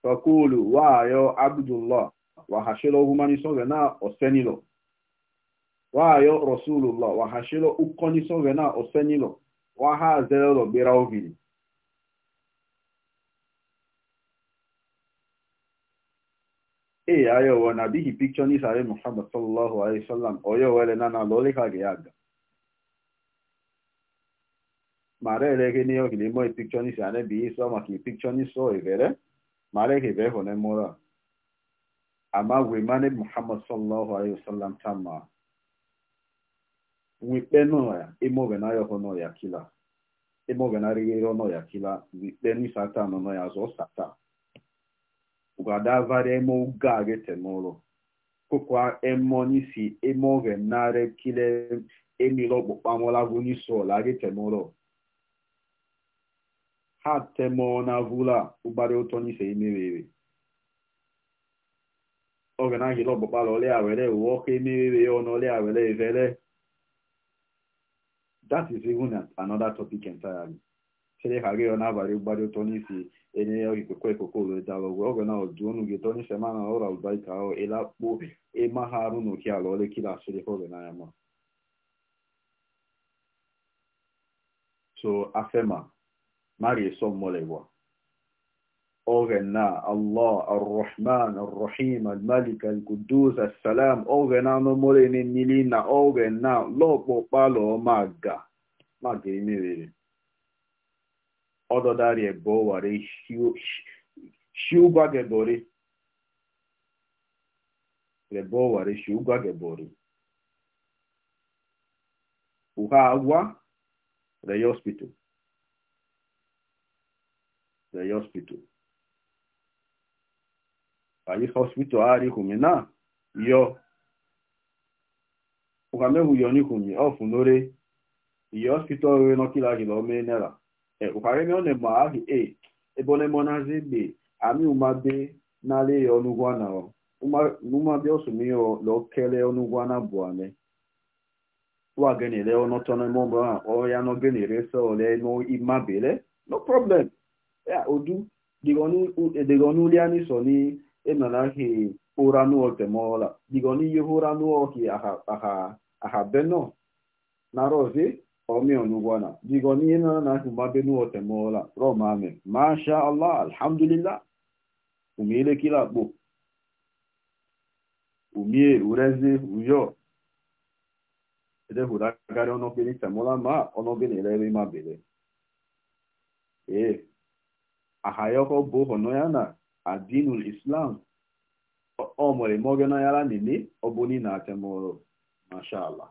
fakulu wayo abdullah wahashilo humanisoge osenilo wayo rasulullah wahashilo ukonisogena osenilo wahazelelo ovili ee ayọwo na bihi pikchọ n'isari muhammad sallallahu alaihi wasallam oyowele na na lọlị ka ga aga mara elege ni ogili mo pikchọ n'isi ane bi maka e n'iso evere mara ebe ehone mora ama we mane muhammad sallallahu alaihi wasallam tama wikpe nọ ya imoge e na ayọho nọ ya kila imoge e na rigere nọ ya kila wikpe n'isa ugadavara emogage temoro kokwa emoni si emove nare kile emilo kpokpamola guni sola ge temoro ha temo na vula ugbari ụtọ n'ise oge na ahịrị ọkpụkpara ole awere uwe ọkụ emerere ya ọnụ ọlịa were evere that is ha gị ọ na-abalị enye ya ikoko ekoko lodalogwe oge na oduonu gị toni shema ọrụ albaika ahụ ịlakpo ịma e ha arụ n'oke ala olekiri asịrị oge n'anya ma so afema mari eso mmolegwa oge na allah arrahman arrahim almalik alkudus assalam oge na anụmole n'emili maga maga ọdọdarị ebe ọwara shiụgwagebori ebe ọwara shiụgwagebori uha agwa rey hospital rey hospital ayi hospital ari humi na yo uhamehu yoni humi ọfụ n'ore iyi hospital rere nọkịla gị ome nera ụkarịrị eh, eh, ọ na-eme ahụ e ebe onemonazi be ami umabe n'ala ya ọnụgwọ na umabe ọsụmiyo lọkele ọnụgwọ na bụ ane wa genere ọnọtọ na mọbụ a ọya nọ genere sọle n'imabele no problem ya odu dịgọnụ e, anyị sọ e ụra dịgọnụ ihe ụra aha benọ omeonugwana digo nihe nara na ahụ akụ mbabe n'uwotemola romame masha allah alhamdulillah umeelekere akpo umie ureze uyo edehuru agarị ọnọgene temola ma ọnọgene erere mabere ee ya ahayọkọ bụ ya na adinul islam ọmụrụ mọgị n'ayara nene ọbụni na atemoro masha allah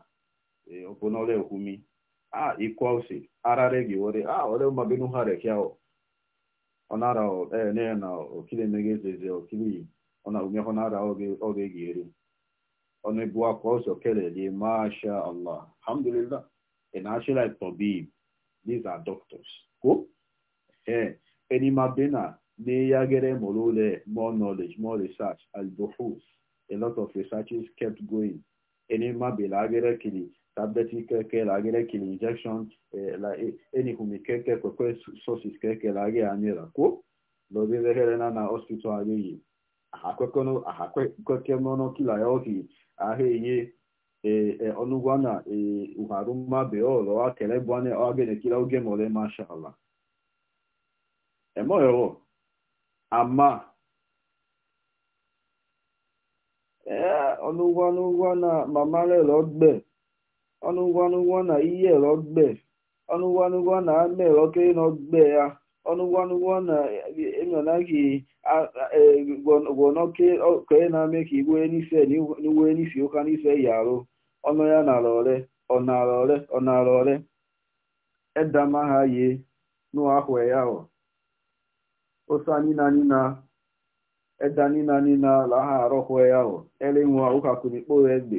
ee ọbụnọla ekwumi ah equality arara gị were ah ole mabinu ha rekia o ọnara eh, ene na okile mege ezeze okili ọna ume ọnara oge gị eri ọnụ ebu akwa ọsọ kelele masha allah alhamdulillah in actually like tabib these are doctors ko eh any mabina ne ya gere molule more knowledge more research al buhus a lot of researches kept going any mabila gere kili tableti keke lage le kili injection la eni keke kwekwe sources keke lage anyela ko lobi vekele na na hospital ayo yi ahakwekono ahakweke mono kila yoki ahe ye onugwana uharuma beo lo akele bwane agene kila uge mole mashallah emo yo ama ee ọnụgwa n'ụgwọ na mama lele ogbe ọnụgwanụgwọ na ihe ero gbe ọnụgwanụgwọ na ama eroke n'ogbe ya ọnụgwanụgwọ na enyonaghị gwọnọke ke na-ame ka igwe n'ife n'iwe n'ife ụka n'ife yi ọnụ ya nara ore ọnara ore ọnara ore edamaha ye n'ahụ ya hụ osa nina nina edanina nina laha arọhụ ya hụ elenwa ụka kunikpo egbe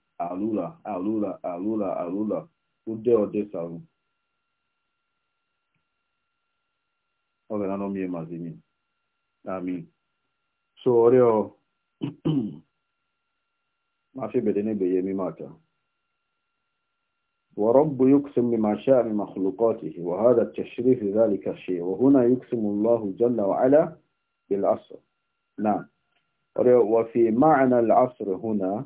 alula alula alula alula ude odesaru oge na nomie mazimi amin so oreo ما في beye mi mata ورب يقسم بما شاء من مخلوقاته وهذا التشريف ذلك الشيء وهنا يقسم الله جل وعلا بالعصر نعم وفي معنى العصر هنا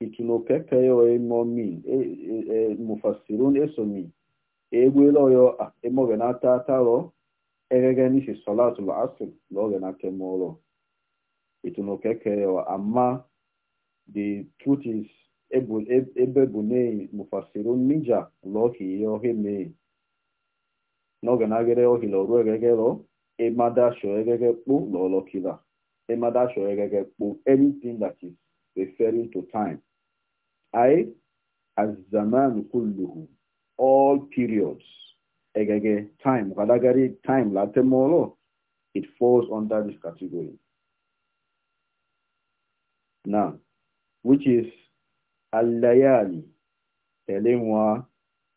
itunokeke e e, e, yo momin mufasirun esomi egwelooyo emogenata ataro egegenisi solatul asr logenake molo itunokeke yo ama the truth is ebebunei mufasirun minja loki yo heme n'ogenagere ohila oru egegero emadasho egege kpu lolokila emadasho egege kpu anything that is referring to time. I, as zaman kulluhu, all periods. Egege, time, kadagari, time, latemolo, it falls under this category. Now, which is al-layali, elimwa,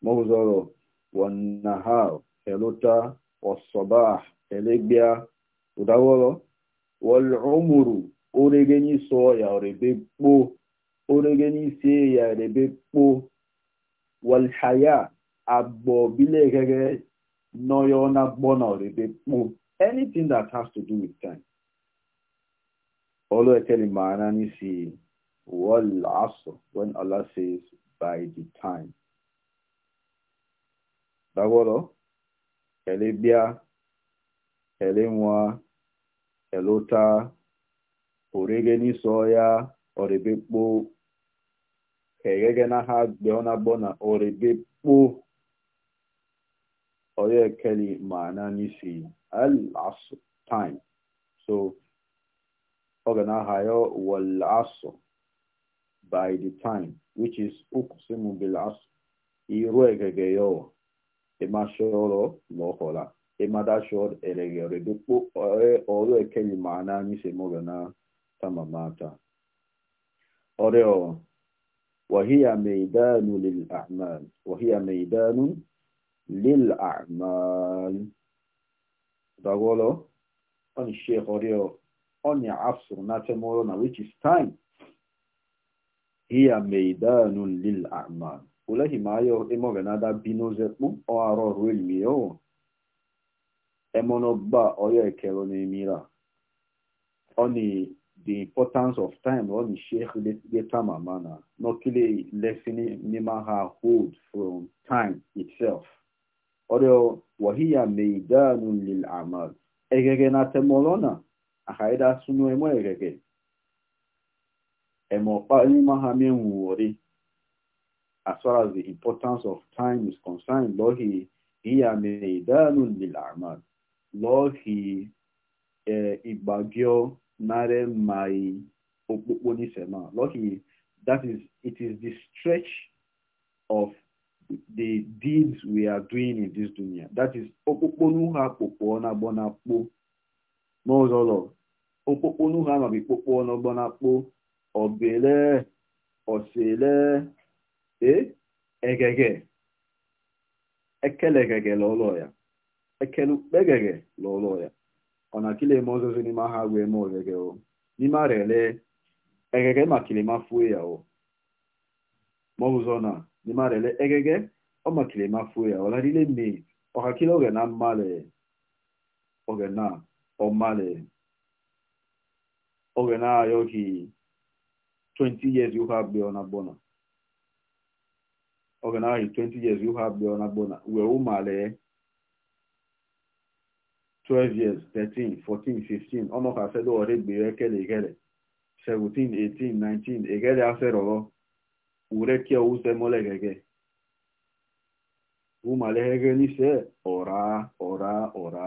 mawzoro, wan eluta, was-sabah, elegbia, udawolo, wal-umuru, orege n'iso ya orebe kpo orege n'isi ya orebe kpo walhaya agbo bilegege noyo na gbona orebe kpo anything that has to do with time olo ekeli maana nisi wal when allah says by the time dagworo elebia elenwa elota orege n'iso ya oribekpo egege na ha gbe ọ na oribe kpo oribekpo oya ma na n'isi al asụ time so ọ ga na-aha ya wal asụ by the time which is ukusimu bil iru egege ya ọ shọrọ ma ọ hụla ịmada kpo erege oribekpo ekele ma na n'isi mọgana sama mata oreo وهي ميدان للأعمال وهي ميدان للأعمال dagolo on sheikh oreo on ya afsur na temoro na which is time hiya meidanun lil a'mal ulahi mayo emo ganada binoze mu o aro ruel mio emono ba oyo ekelo ni mira oni the importance of time on Sheikh Letamamana, Nokile lesson Nimaha hold from time itself. Oreo Wahia Meidanun Lil Amal. na Temolona, Ahaida Sunu Emo Egege. Emo Palimahamien Wori. As far as the importance of time is concerned, Lohi Hia Meidanun Lil Amal. Lohi eh, Ibagio nare mai okponisema. Lucky, that is, it is the stretch of the deeds we are doing in this dunya. That is okpokponu ha kpokpo na gbona kpo. N'ụzọlọ, okpokponu ha ma bi kpokpo na gbona kpo, obele, osele, e, egege. Ekele egege lọlọ ya. Ekele ekpegege lọlọ ya. Ọ ọna kilema ozozo n'ime aha wee ma ogege o n'ime ara ele egege ma ma fue ya o ma ụzọ na n'ime ara ele egege ọ ma kilema fue ya ọlarile mme ọha kile oge na mmale oge na ọ ọmale oge na ayọghị 20 years ihe abịa ọ na gbọna oge na ahị 20 years ihe abịa ọ na gbọna wee ụmale Twelve years thirteen, fourteen, fifteen. ọmọ ka fẹ́ lọ́wọ́ rẹ̀ gbèrè kẹ́lẹ̀ ìkẹ́lẹ̀ 17 18 19 ìkẹ́lẹ̀ afẹ́rọ̀lọ́ wùrẹ́ kí ọwọ́ sẹ mọ́lẹ̀ gẹ́gẹ́ wọ́n mà lẹ́gẹ́gẹ́ níṣẹ́ ọ̀rá ọ̀rá ọ̀rá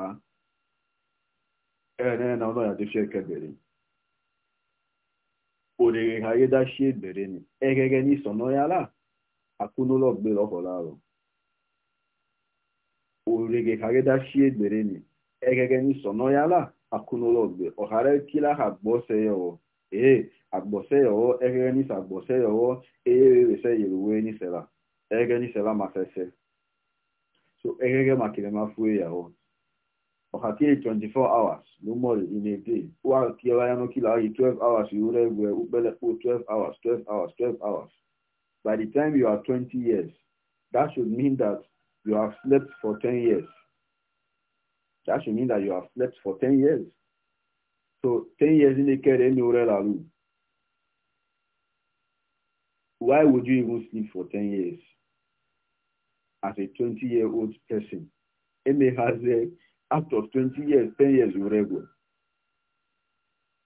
ẹ̀rẹ́ náà lọ́yà tó ṣe kẹbẹ̀rẹ̀ òrèrè ayédá ṣe bẹ̀rẹ̀ ni ẹgẹ́gẹ́ ní sọ̀nà yálà akúnúlọ́gbé lọ́kọ̀ọ́lá rọ̀ òrèrè ayédá ṣe ni egege n'iso n'oyala akụnụlọgbe ọghara ekila ha gbose ya o ee agbose ya o e, egege n'iso agbose ya o eyewewese yeruwe n'isela egege n'isela masese so egege makere mafue ya o ọhakie 24 hours n'ụmọrị in a day wa kiela ya n'okila ahụ 12 hours iwure egwe ukpelekpo 12 hours 12 hours 12 hours by the time you are 20 years that should mean that you have slept for 10 years That should mean that you have slept for 10 years. So 10 years in the care any alone. Why would you even sleep for 10 years as a 20-year-old person? Eme has a, out of 20 years, 10 years you regular.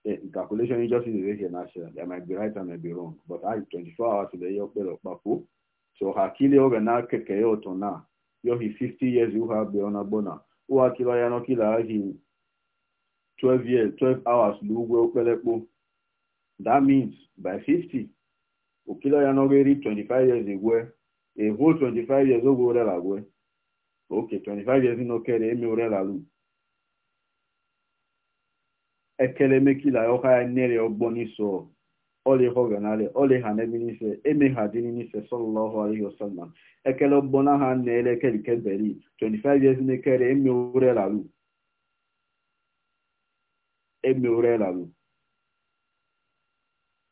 In calculation, you just need to national. I might be right, I might be wrong. But I 24 hours in the year, so Hakili Ogana Kekeo Tona, you're 50 years you have the honor bonus. ụwakila ya n'ọkila ahị 12 years 12 hours n'ugwu okpelekpo that means by 50 okila ya n'ogeri 25 years igwe a whole 25 years ogwe orela gwe okay 25 years n'okere eme orela lu ekele mekila ya ọka ya nyere ọgbọ n'iso ole hoganale ole ha nebinise eme ha dininise sallallahu alaihi wasallam ekele ogbona ha na elekere keberi 25 years nekere eme ure lalu eme ure lalu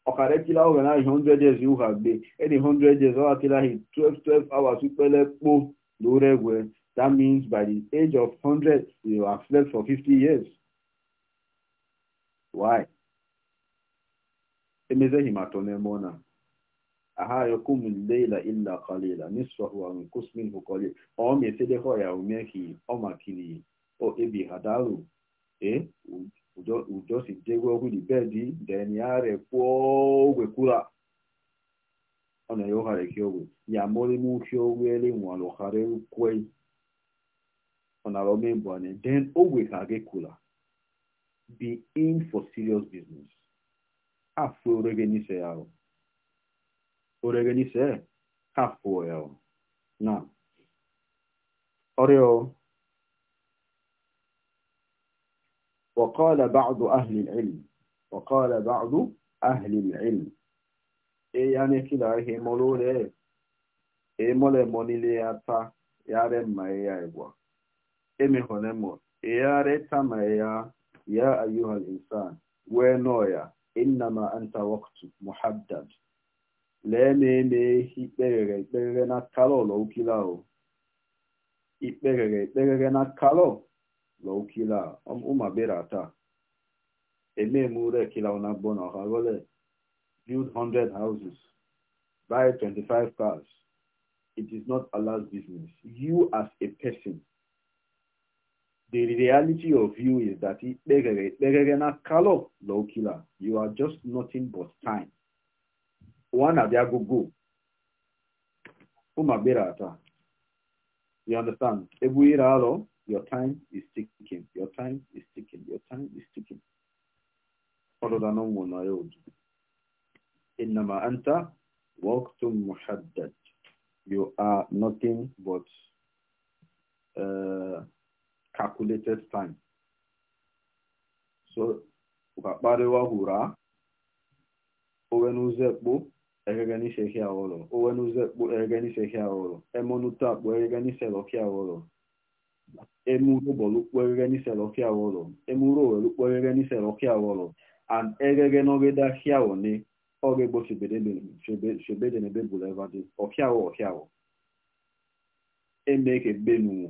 ọkara ekila ogana ihe 100 years uha gbe eni hundred years ọ atila hi 12 12 hours ukpele kpo na ure egwe that means by the age of 100 you have slept for 50 years why emezeghi m atọ n'eme ọ na aha yakumu leila illa qalila nisfahu aw inqus minhu qalil o mi sede ko ya umeki o makili o ebi hadaru e ujo ujo si jego ku di bedi den yare po gwe kula ona yo hare ki ogu ya mori mu ki ogu ele nwa lo hare kwe ona lo me bwane den ogwe ka ge kula be in for serious business afu oregenise yao oregenise afu yao na oreo وقال بعض أهل العلم وقال بعض أهل العلم إيه يعني كلا هي مولولة إيه مولة مونيلي أتا يارم ما ma. إبوا إيه مهونمو إيه أريتا ما إيه يا أيها innama anta waqtu muhaddad leememe ikperere ikperere na kalo lọukila o ikperere ikperere na kalo lọukila umabera ta ememure kila una gbona ọhagole build hundred houses buy twenty-five cars it is not Allah's business you as a person the reality of you is that you are just nothing but time. One abiagugu. Umabirata. You understand? hour, your time is ticking. Your time is ticking. Your time is ticking. Innama anta waqtum muhaddad. You are nothing but uh, calculated time. So ukakparewa hura owenuzekpo egegenisehiholo owenuzekpo egegenisehiholo emonuta akpo egegenisehiholo emuro bolukpo egegenisehiholo emuro welukpo egegenisehiholo and egegenogeda hiawoni ogegbo shebedenebe bulevadi ohiawo ohiawo emeke benunwo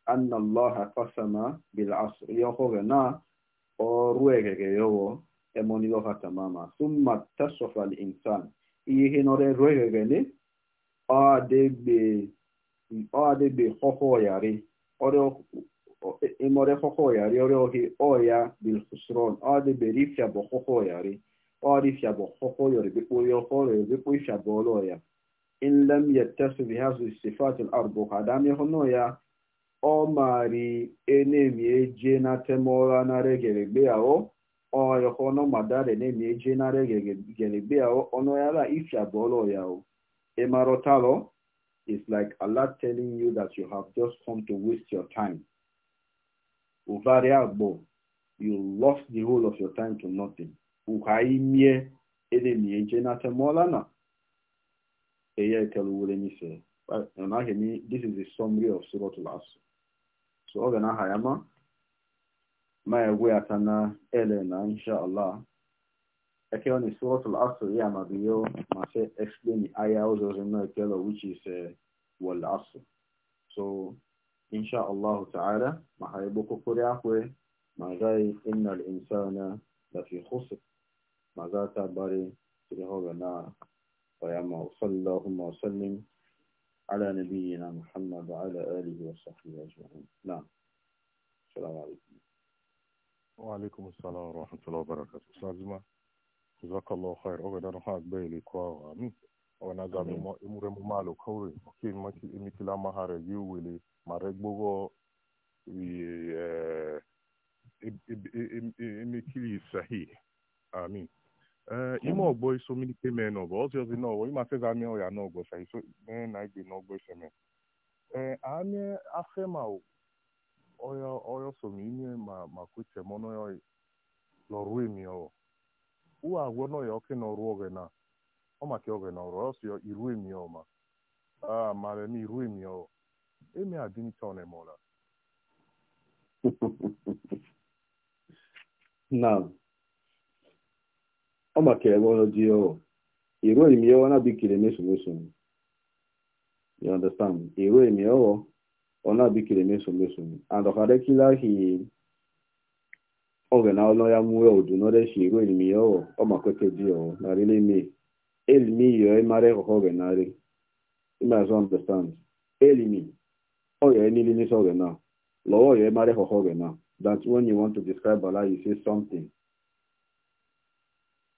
anna allaha qasama bil asr yohogana oruegege yowo emoni loha tamama summa tasafa al insan ihe nore ruegegele adegbe adegbe hoho yari ore imore hoho e, e yari ore ohi oya bil khusron adegbe rifya bo hoho yari orifya bo hoho yori bipo yohore bipo ifya bo loya in lam yattasu bi hazu sifatil arbu hadam yohono ya Ọ omari enemieje na temora na regeregbeao oyoko ono madare nemieje na ya regeregbeao ono yara ifiabolo yao emarotalo is like Allah telling you that you have just come to waste your time. Agbo, you lost the whole of your time to nothing. Uhaimie enemieje na na. temolana. Eye keluwele nise. This is a summary of Surah al so ọ ga na-aha ya ma ma egwu ya aka na ele na eke ọ na-esi ọtụlụ ya ma ma se explain aya ụzọ ọzọ na ekele which is wal asụ so inshallah ta'ala ma ha egbo kokori akwe ma gaghị innal insana da fi khusr ma za ta bari sirihọ na ọya ma sallim على نبينا محمد وعلى آله وصحبه أجمعين نعم السلام عليكم وعليكم السلام ورحمة الله وبركاته أستاذ جزاك الله خير أنا نحاك بيلي كوا آمين wana zaɓi mo imure mo malo kawre okin maki imitila mahare yiwili mare gbogo imikili sahih amin Eh, hm. Ima ogbo iso milike me no bo ozio zino wo ima se zami o ya no ogbo sa iso me na igbe no ogbo iso me. Eh anye afema o oyo oyo so mi ni ma ma kuche mono yo e. lo ru e mi o. U agwo no yo ke no ru oge na. O ma ke oge no ru o si yo iru e mi o ma. Ah ma le mi iru mi o. Emi adini tone mola. Now, ọ makere m ọrụ dị ọ! enweghị m ya ọ na-abịkiri emesomeso m you understand enweghị m ya ọ ọ na-abịkiri emesomeso m and ọharekila hi oge na ọnụ ya mwe odu n'ọrịa shi enweghị m ya ọ ọ makwete dị ọ, narị n'ime elimi yọ ịmara ịghọghọ oge narị ịmazụ understand elimi ọ yọ n'ili n'isi oge na lọwọ yọ ịmara ịghọghọ oge na that when you want to describe ala you say something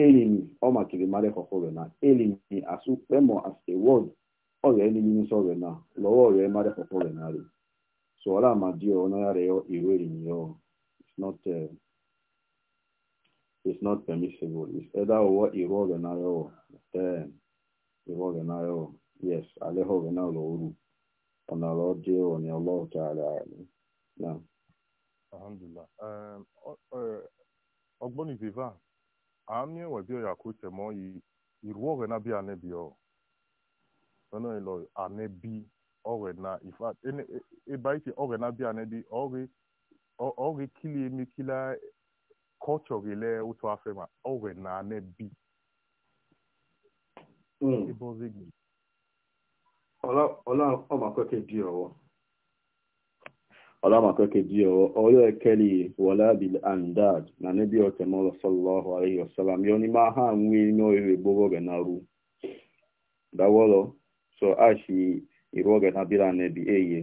elimi ọma kilimare kọkọrọ na elimi asukpemo as a word ọrịa elimi nsọ ọrịa na lọwọ ọrịa mare kọkọrọ na rẹ so ọrịa amadio ọnọyarị iwu elimi yọ it's not uh, it's not permissible it's either ọwọ iwu ọrịa na yọ iwu ọrịa na yọ yes alehọ ọrịa na ụlọ oru ọna ọrọ dị ọnyị ọlọrụ chara na alhamdulillah um, ọgbọnni vivan amye wabio ya kuche mo i iruoge na bia ne bio ane bi na ifa ene ebaiti na bia ne bi oge oge kili mi kila culture gile ọrịa na ane bi mm. ibo ọmọ ọlámàkọ́kẹ́ bí ọyọ́ ẹ̀kẹ́lì wọlábì andad na níbi ọ̀tẹ̀mọ́ sallallahu alayhi wa sallam yọ ní máa hàn wí iná ìrè gbogbo ọ̀gẹ̀ náà rú dáwọ́lọ́ sọ àṣì ìrú ọ̀gẹ̀ náà bí lánà ẹ̀bí èyẹ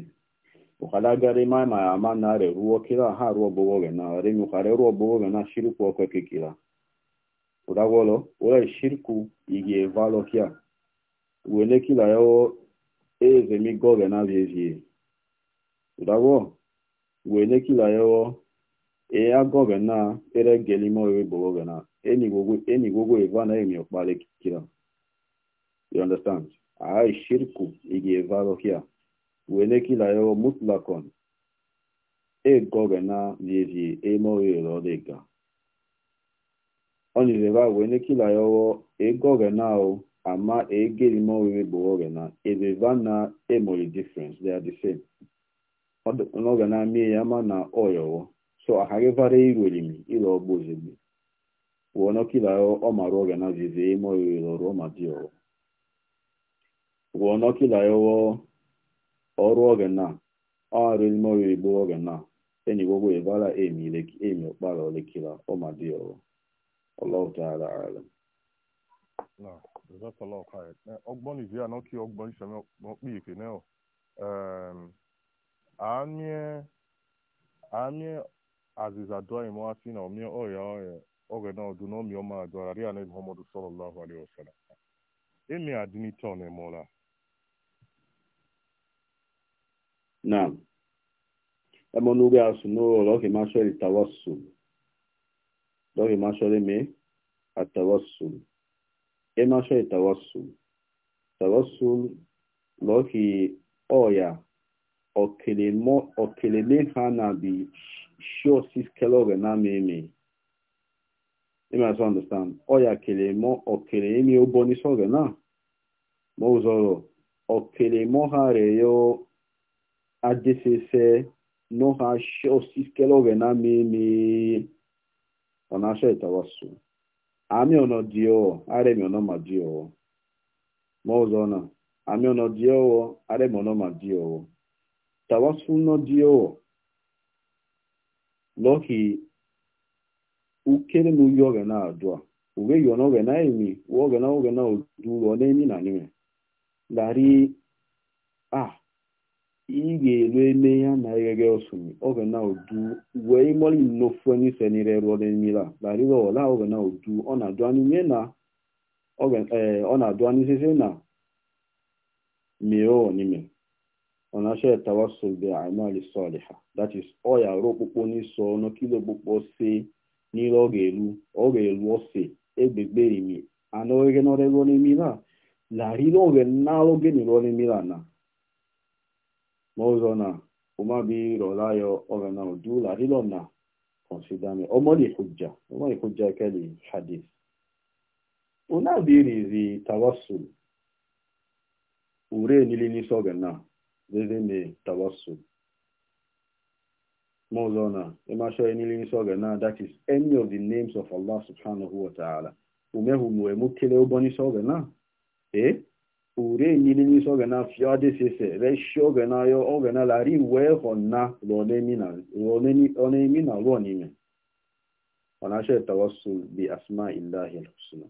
òkàlágárí máa máa àmà náà rẹ̀ rú ọkíra ha rú ọgbọ́wọ́ ọ̀gẹ̀ náà rẹ̀ mi òkàrẹ́ rú ọgbọ́wọ́ ọ̀gẹ̀ náà ṣírùkù ọkọ̀ kékeré dáwọ́lọ́ wele kila yao e na ere gelimo e we bogoge na eni e e na emi you understand shirku igi kila mutlakon e na viezi emo ọ kila e na o ama e gelimo we bogoge na evana difference they are the same ọ ga na-amị ya ma na ọyọwọ so ahaghịvara irwerimi ile ọgba ozugbo wụọ nọkila ọ mara oge na vivi ime ọrụ ma dị wụọ ọrụ oge na ọrụ ime ọrụ igbo oge na enyigbogbo ịbara emi ọkpara dị a anye aziza dwaye mwasina omye na odu nomi oma adwara ri anabi muhammadu sallallahu alaihi wasallam emi adini tone mola naam ẹmọ nubi asunú ọlọ́kì máa ṣọ́rí tawassul lọ́kì máa ṣọ́rí mi àtawassul ẹ máa ṣọ́rí okelele ha na the sure six kelog na meme you must understand oya kelemo okele emi oboni soge na mo zoro okelemo ha re adesese no ha sure six kelog na meme ona sha itawasu ami ono dio are mi ono ma dio mo zona ami ono dio are mi ono ma dio tawasunodio lohi ukere n'uyi ogena adua uwe yona ogena a, uwe ogena ogena odu ga na anime dari a ị ga-eru eme ya na egheghe ga na odu wee dari odu ọ na-adụ anime na ọ na-adụ eh, na ọ̀nà ṣe tawassul bi a'mali saliha that is ọya rọpụpọ ọnụ ọnọkile okpukpọ se n'ile ọ ga-elu ọ ga-elu ose egbegbe imi ana oge n'ọrịgo n'imi na lari n'oge nnalụ gị n'iro n'imi na na n'ụzọ na umabi rọla ya oge na udu lari lọ na consider me ọmọdé hujja ọmọdé hujja kele hadith una biri zi tawassul ure nili n'iso oge na. lele me tawasul mozona emasho enili soga na that is any of the names of Allah subhanahu wa ta'ala umehu muemukele uboni soga na eh ure enili soga na fiade sese re shoga na yo oga na lari we na lo le mina lo le ni one na lo ni me ona she tawassul bi asma'illahi al-husna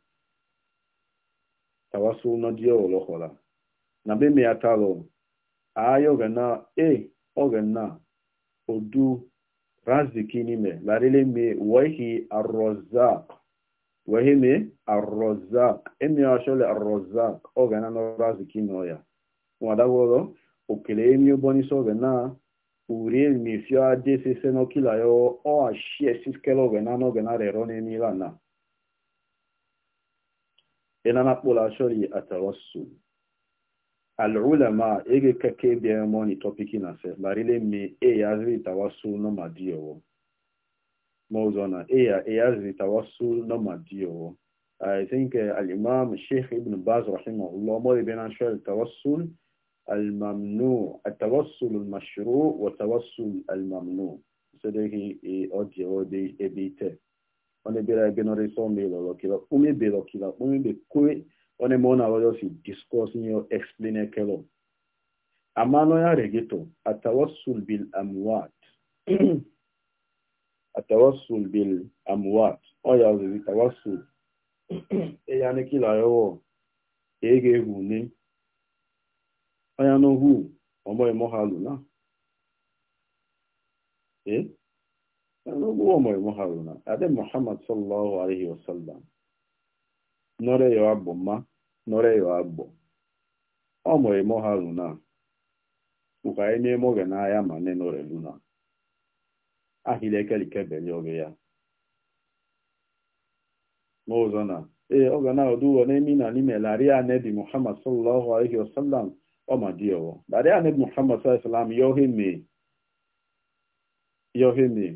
tawasu na dio olohola na be me atalo ayo gana e ogana odu razikini me larile me wahi arrozaq wahi me arrozaq emi ashole arrozaq ogana no razikini oya wadagodo okele emi oboni so gana uriel mi fio adesese no kilayo o ashe siskelo gana no gana rero ne milana إننا نقول أشري أتوسل العلماء إيجي ككي بياموني توبيكي ناسي لاريلي مي إيه أزري توسل نما ديو موزونا إيه إيه أزري توسل نما ديو I think uh, الإمام الشيخ ابن باز رحمه الله مولي بين أنشاء التوسل الممنوع التوسل المشروع والتوسل الممنوع سيدي أودي أودي أبيته one bere generation me lo kiba umi be lo kiba umi be kwe one mo na lo si discuss ni o explain ke lo amano ya regeto atawassul bil amwat atawassul bil amwat o ya zi tawassul eh, e eh, ya ne kila yo e ge hu ni o ya no hu omo oh, e mo halu na eh n'ogbo ọmọ ịmụ haruna ade muhammad sallallahu alaihi wasallam nọrọ ya agbọ mma nọrọ ya agbọ ọmọ ịmụ haruna ụka eme ime na n'ahịa ma nne nọrọ luna ahịrị ya n'ụzọ na ee oge na ọdụ ụwa n'emi na n'ime larịa anebi muhammad sallallahu alaihi ọma dị mee mee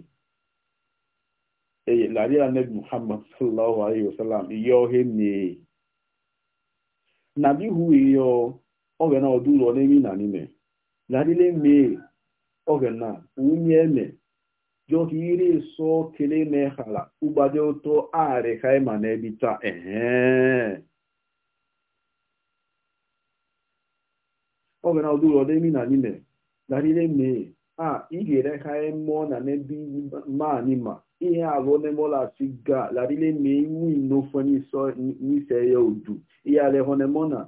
eye lari anabi muhammad sallallahu alaihi wasallam iye ohe ne nabi hu iye oge na ọdụ ụlọ n'emi na n'ime larile mee oge na unye eme jọka iri so kele na ekhala ụgbade ụtọ aarị ka ịma na ebita ehe oge na ọdụ ụlọ n'emi na n'ime larile mee a ị ga-ere ka ịmụọ na n'ebe ma anyị ma ihe abụọ n'eme ga larịla ma iwu n'ofe n'ise ya udu ihe alẹhọ n'eme na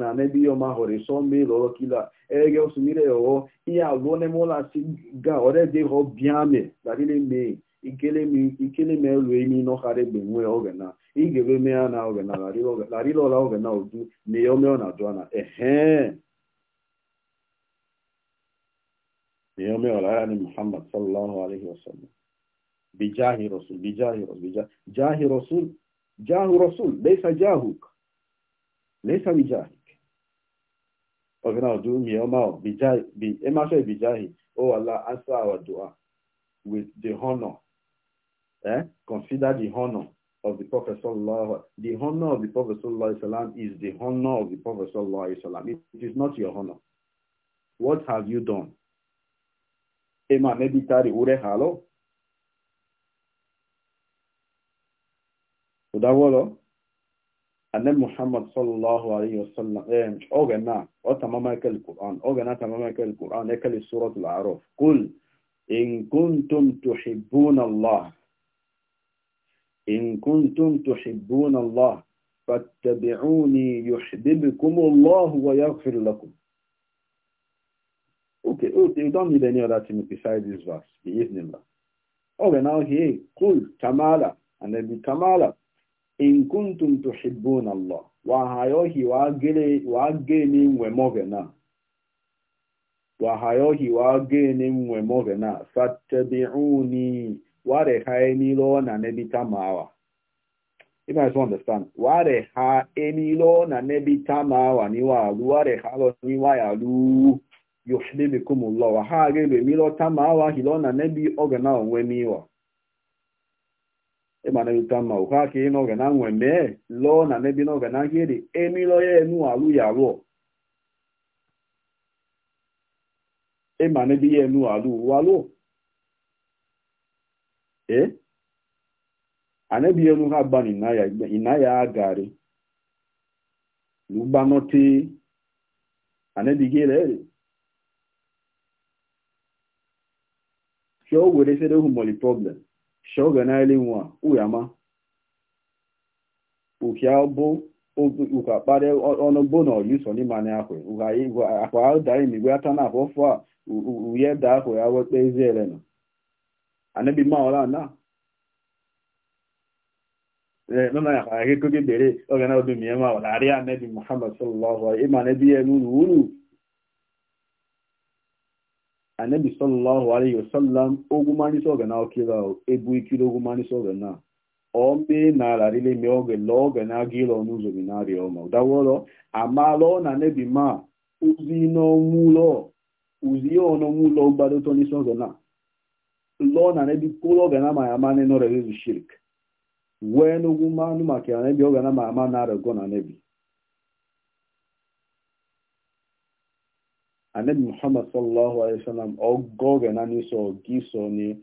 na n'ebe ihe ọma hụrụ ịsọ kila ege osumire ya ọghọ ihe abụọ n'eme ga ọrịadị họ bịame larịla mee ikele m elu emi n'ọkara egbe nwe oge igebe na ọla na na na ehe ọla ya ni muhammad sallallahu بجاه رسول بجاه رسول بجاه جاه رسول جاه رسول ليس جاهك ليس بجاهك وقنا ودوم يوما بجاه بما شيء بجاه oh Allah answer our dua with the honor eh consider the honor of the Prophet sallallahu the honor of the Prophet sallallahu alaihi wasallam is the honor of the Prophet sallallahu alaihi wasallam it is not your honor what have you done Ema meditari ure halo udawolo annabi muhammad sallallahu alayhi wa sallam eh ogana o tamama kal qur'an ogana tamama kal qur'an ekal surat al a'raf qul in kuntum tuhibbuna allah in kuntum tuhibbuna allah fattabi'uni yuhibbukum allah wa yaghfir lakum okay oh, you don't need any other thing besides this verse the evening verse okay now here qul tamala and then tamala in kuntum tuhibbuna Allah wahayohi wagene wagene mogena wahayohi wagene mwe mogena ha eni na nebita mawa ni wa ware ha lo ni wa ya lu ha gele mi lo tamawa nebi ogena ịmana uta ma ụha ka ị n'oge na nwe mee lụọ na mebi n'oge na ahịa eri emilo ya enu alụ ya lụọ ịma e? mebi ya enu alụ ụwa lụọ ee anebi enu ha gba ina ya agari lugba nọti anebi gị ere sure were fere hu moli problem shoga ịlị nwa uyama ukia bo uka kpari ọnụ bo na ọlụ iso n'ime anya ahụ akwa ahụ dara imigwe ata na afọ fọ uye da ahụ ya wekpe ezi ere anabi ma ọla na e, nana ya kwa ahịkọ gị bere oge na ọdụ mie ma uru anabi sallallahu alayhi wa sallam ogumanisi oge na okira ebu ikiri ogumanisi oge na ome na alarịla eme oge la oge na aga ịlọ n'ụzọ gị narịa ọma dawọrọ amaala ọ na anabi ma ozi uzi n'ọnwụlọ uzi ọnọnwụlọ gbadotọ n'isi oge na lọ na anabi kwụrụ oge na maya ama n'ịnọrọ ezu shirk wee n'ogwu mmanụ maka anabi oge na maya ama na arịgọ na anabi anabi muhammad sallallahu alaihi wasallam ogoge na niso giso ni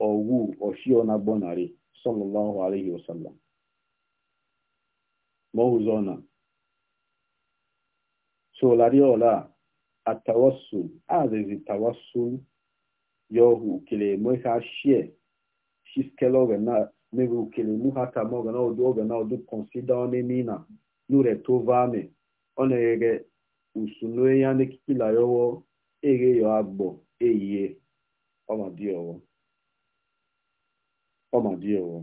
owu ofio na bonari sallallahu alaihi wasallam mohuzona solariola atawassul azezi tawassul yohu kele mweha shie shiskeloge na mebe ukele na odu na usunue ya nekila yowo ege yo agbo eye ọmadiowo ọmadiowo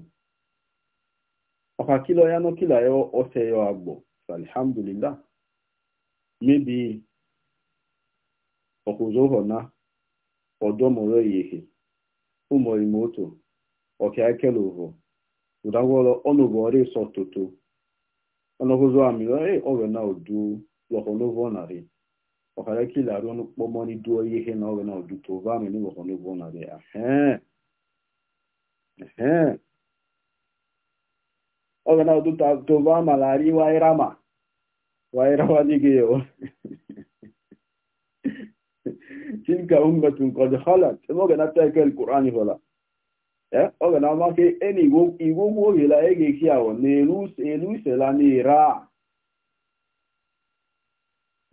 ọkakilo ya nokila yo ose yo agbo alhamdulillah maybe ọkụzohona ọdọmụrụ yehe ụmụimoto ọkaekele ụvọ ọnụgụzọ amịrị ọrịa na lɔkɔnɔvɔ na re ɔkara ki la rɔnu kpɔmɔ ni do yehe na ɔwɛ na ɔdu to va mi ni lɔkɔnɔvɔ na re ahɛn ahɛn ɔwɛ na ɔdu ta to va ma la ri wa ira ma wa ira wa ni ge yɔ tilka ummatun qad khalat ɔwɛ na ta kɛ alquran wala ɔwɛ na ma ke ɛni iwo ege ki awɔ na elu elu sela ni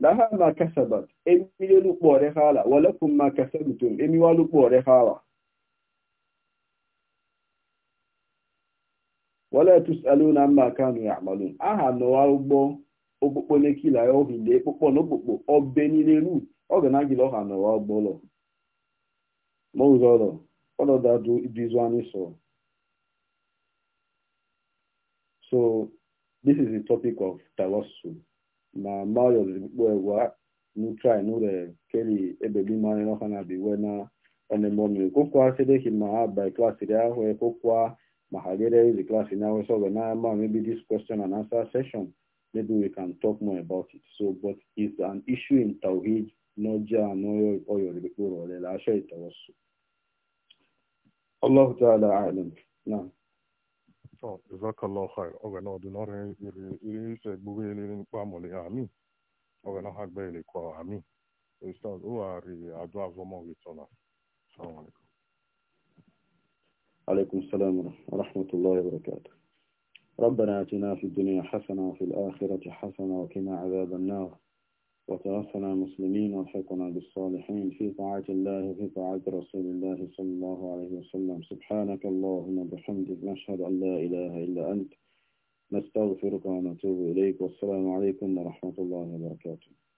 na ma kasabat emi le lupo re hala walakum ma kasabtum emi wa lupo re hala wala tusaluna ma kanu ya'malun aha no wa ugbo okpukpo nekila ya ohide ekpukpo na okpukpo ọbe niile ọ ga na gịla ọha na so so this is the topic of tawassul na mayo zikwe wa nutra nure keli ebebi mane no kana biwe na ene momi kokwa dey ki ma by class ya ho kokwa mahagere the class na we so na ma maybe this question and answer session maybe we can talk more about it so but it's an issue in tawhid noja noyo oyo zikwe la shay tawassu الله تعالى أعلم نعم جزاك الله خير او انا دو نور يري سي بوغي لي نبا امين او انا حق بي لي كو امين استاذ هو اري ادوا زوم وي تونا السلام عليكم عليكم السلام ورحمه الله وبركاته ربنا اتنا في الدنيا حسنه وفي الاخره حسنه وقنا عذاب النار وتوفنا مسلمين والحقنا بالصالحين في طاعة الله وفي طاعة رسول الله صلى الله عليه وسلم سبحانك اللهم بحمدك نشهد أن لا إله إلا أنت نستغفرك ونتوب إليك والسلام عليكم ورحمة الله وبركاته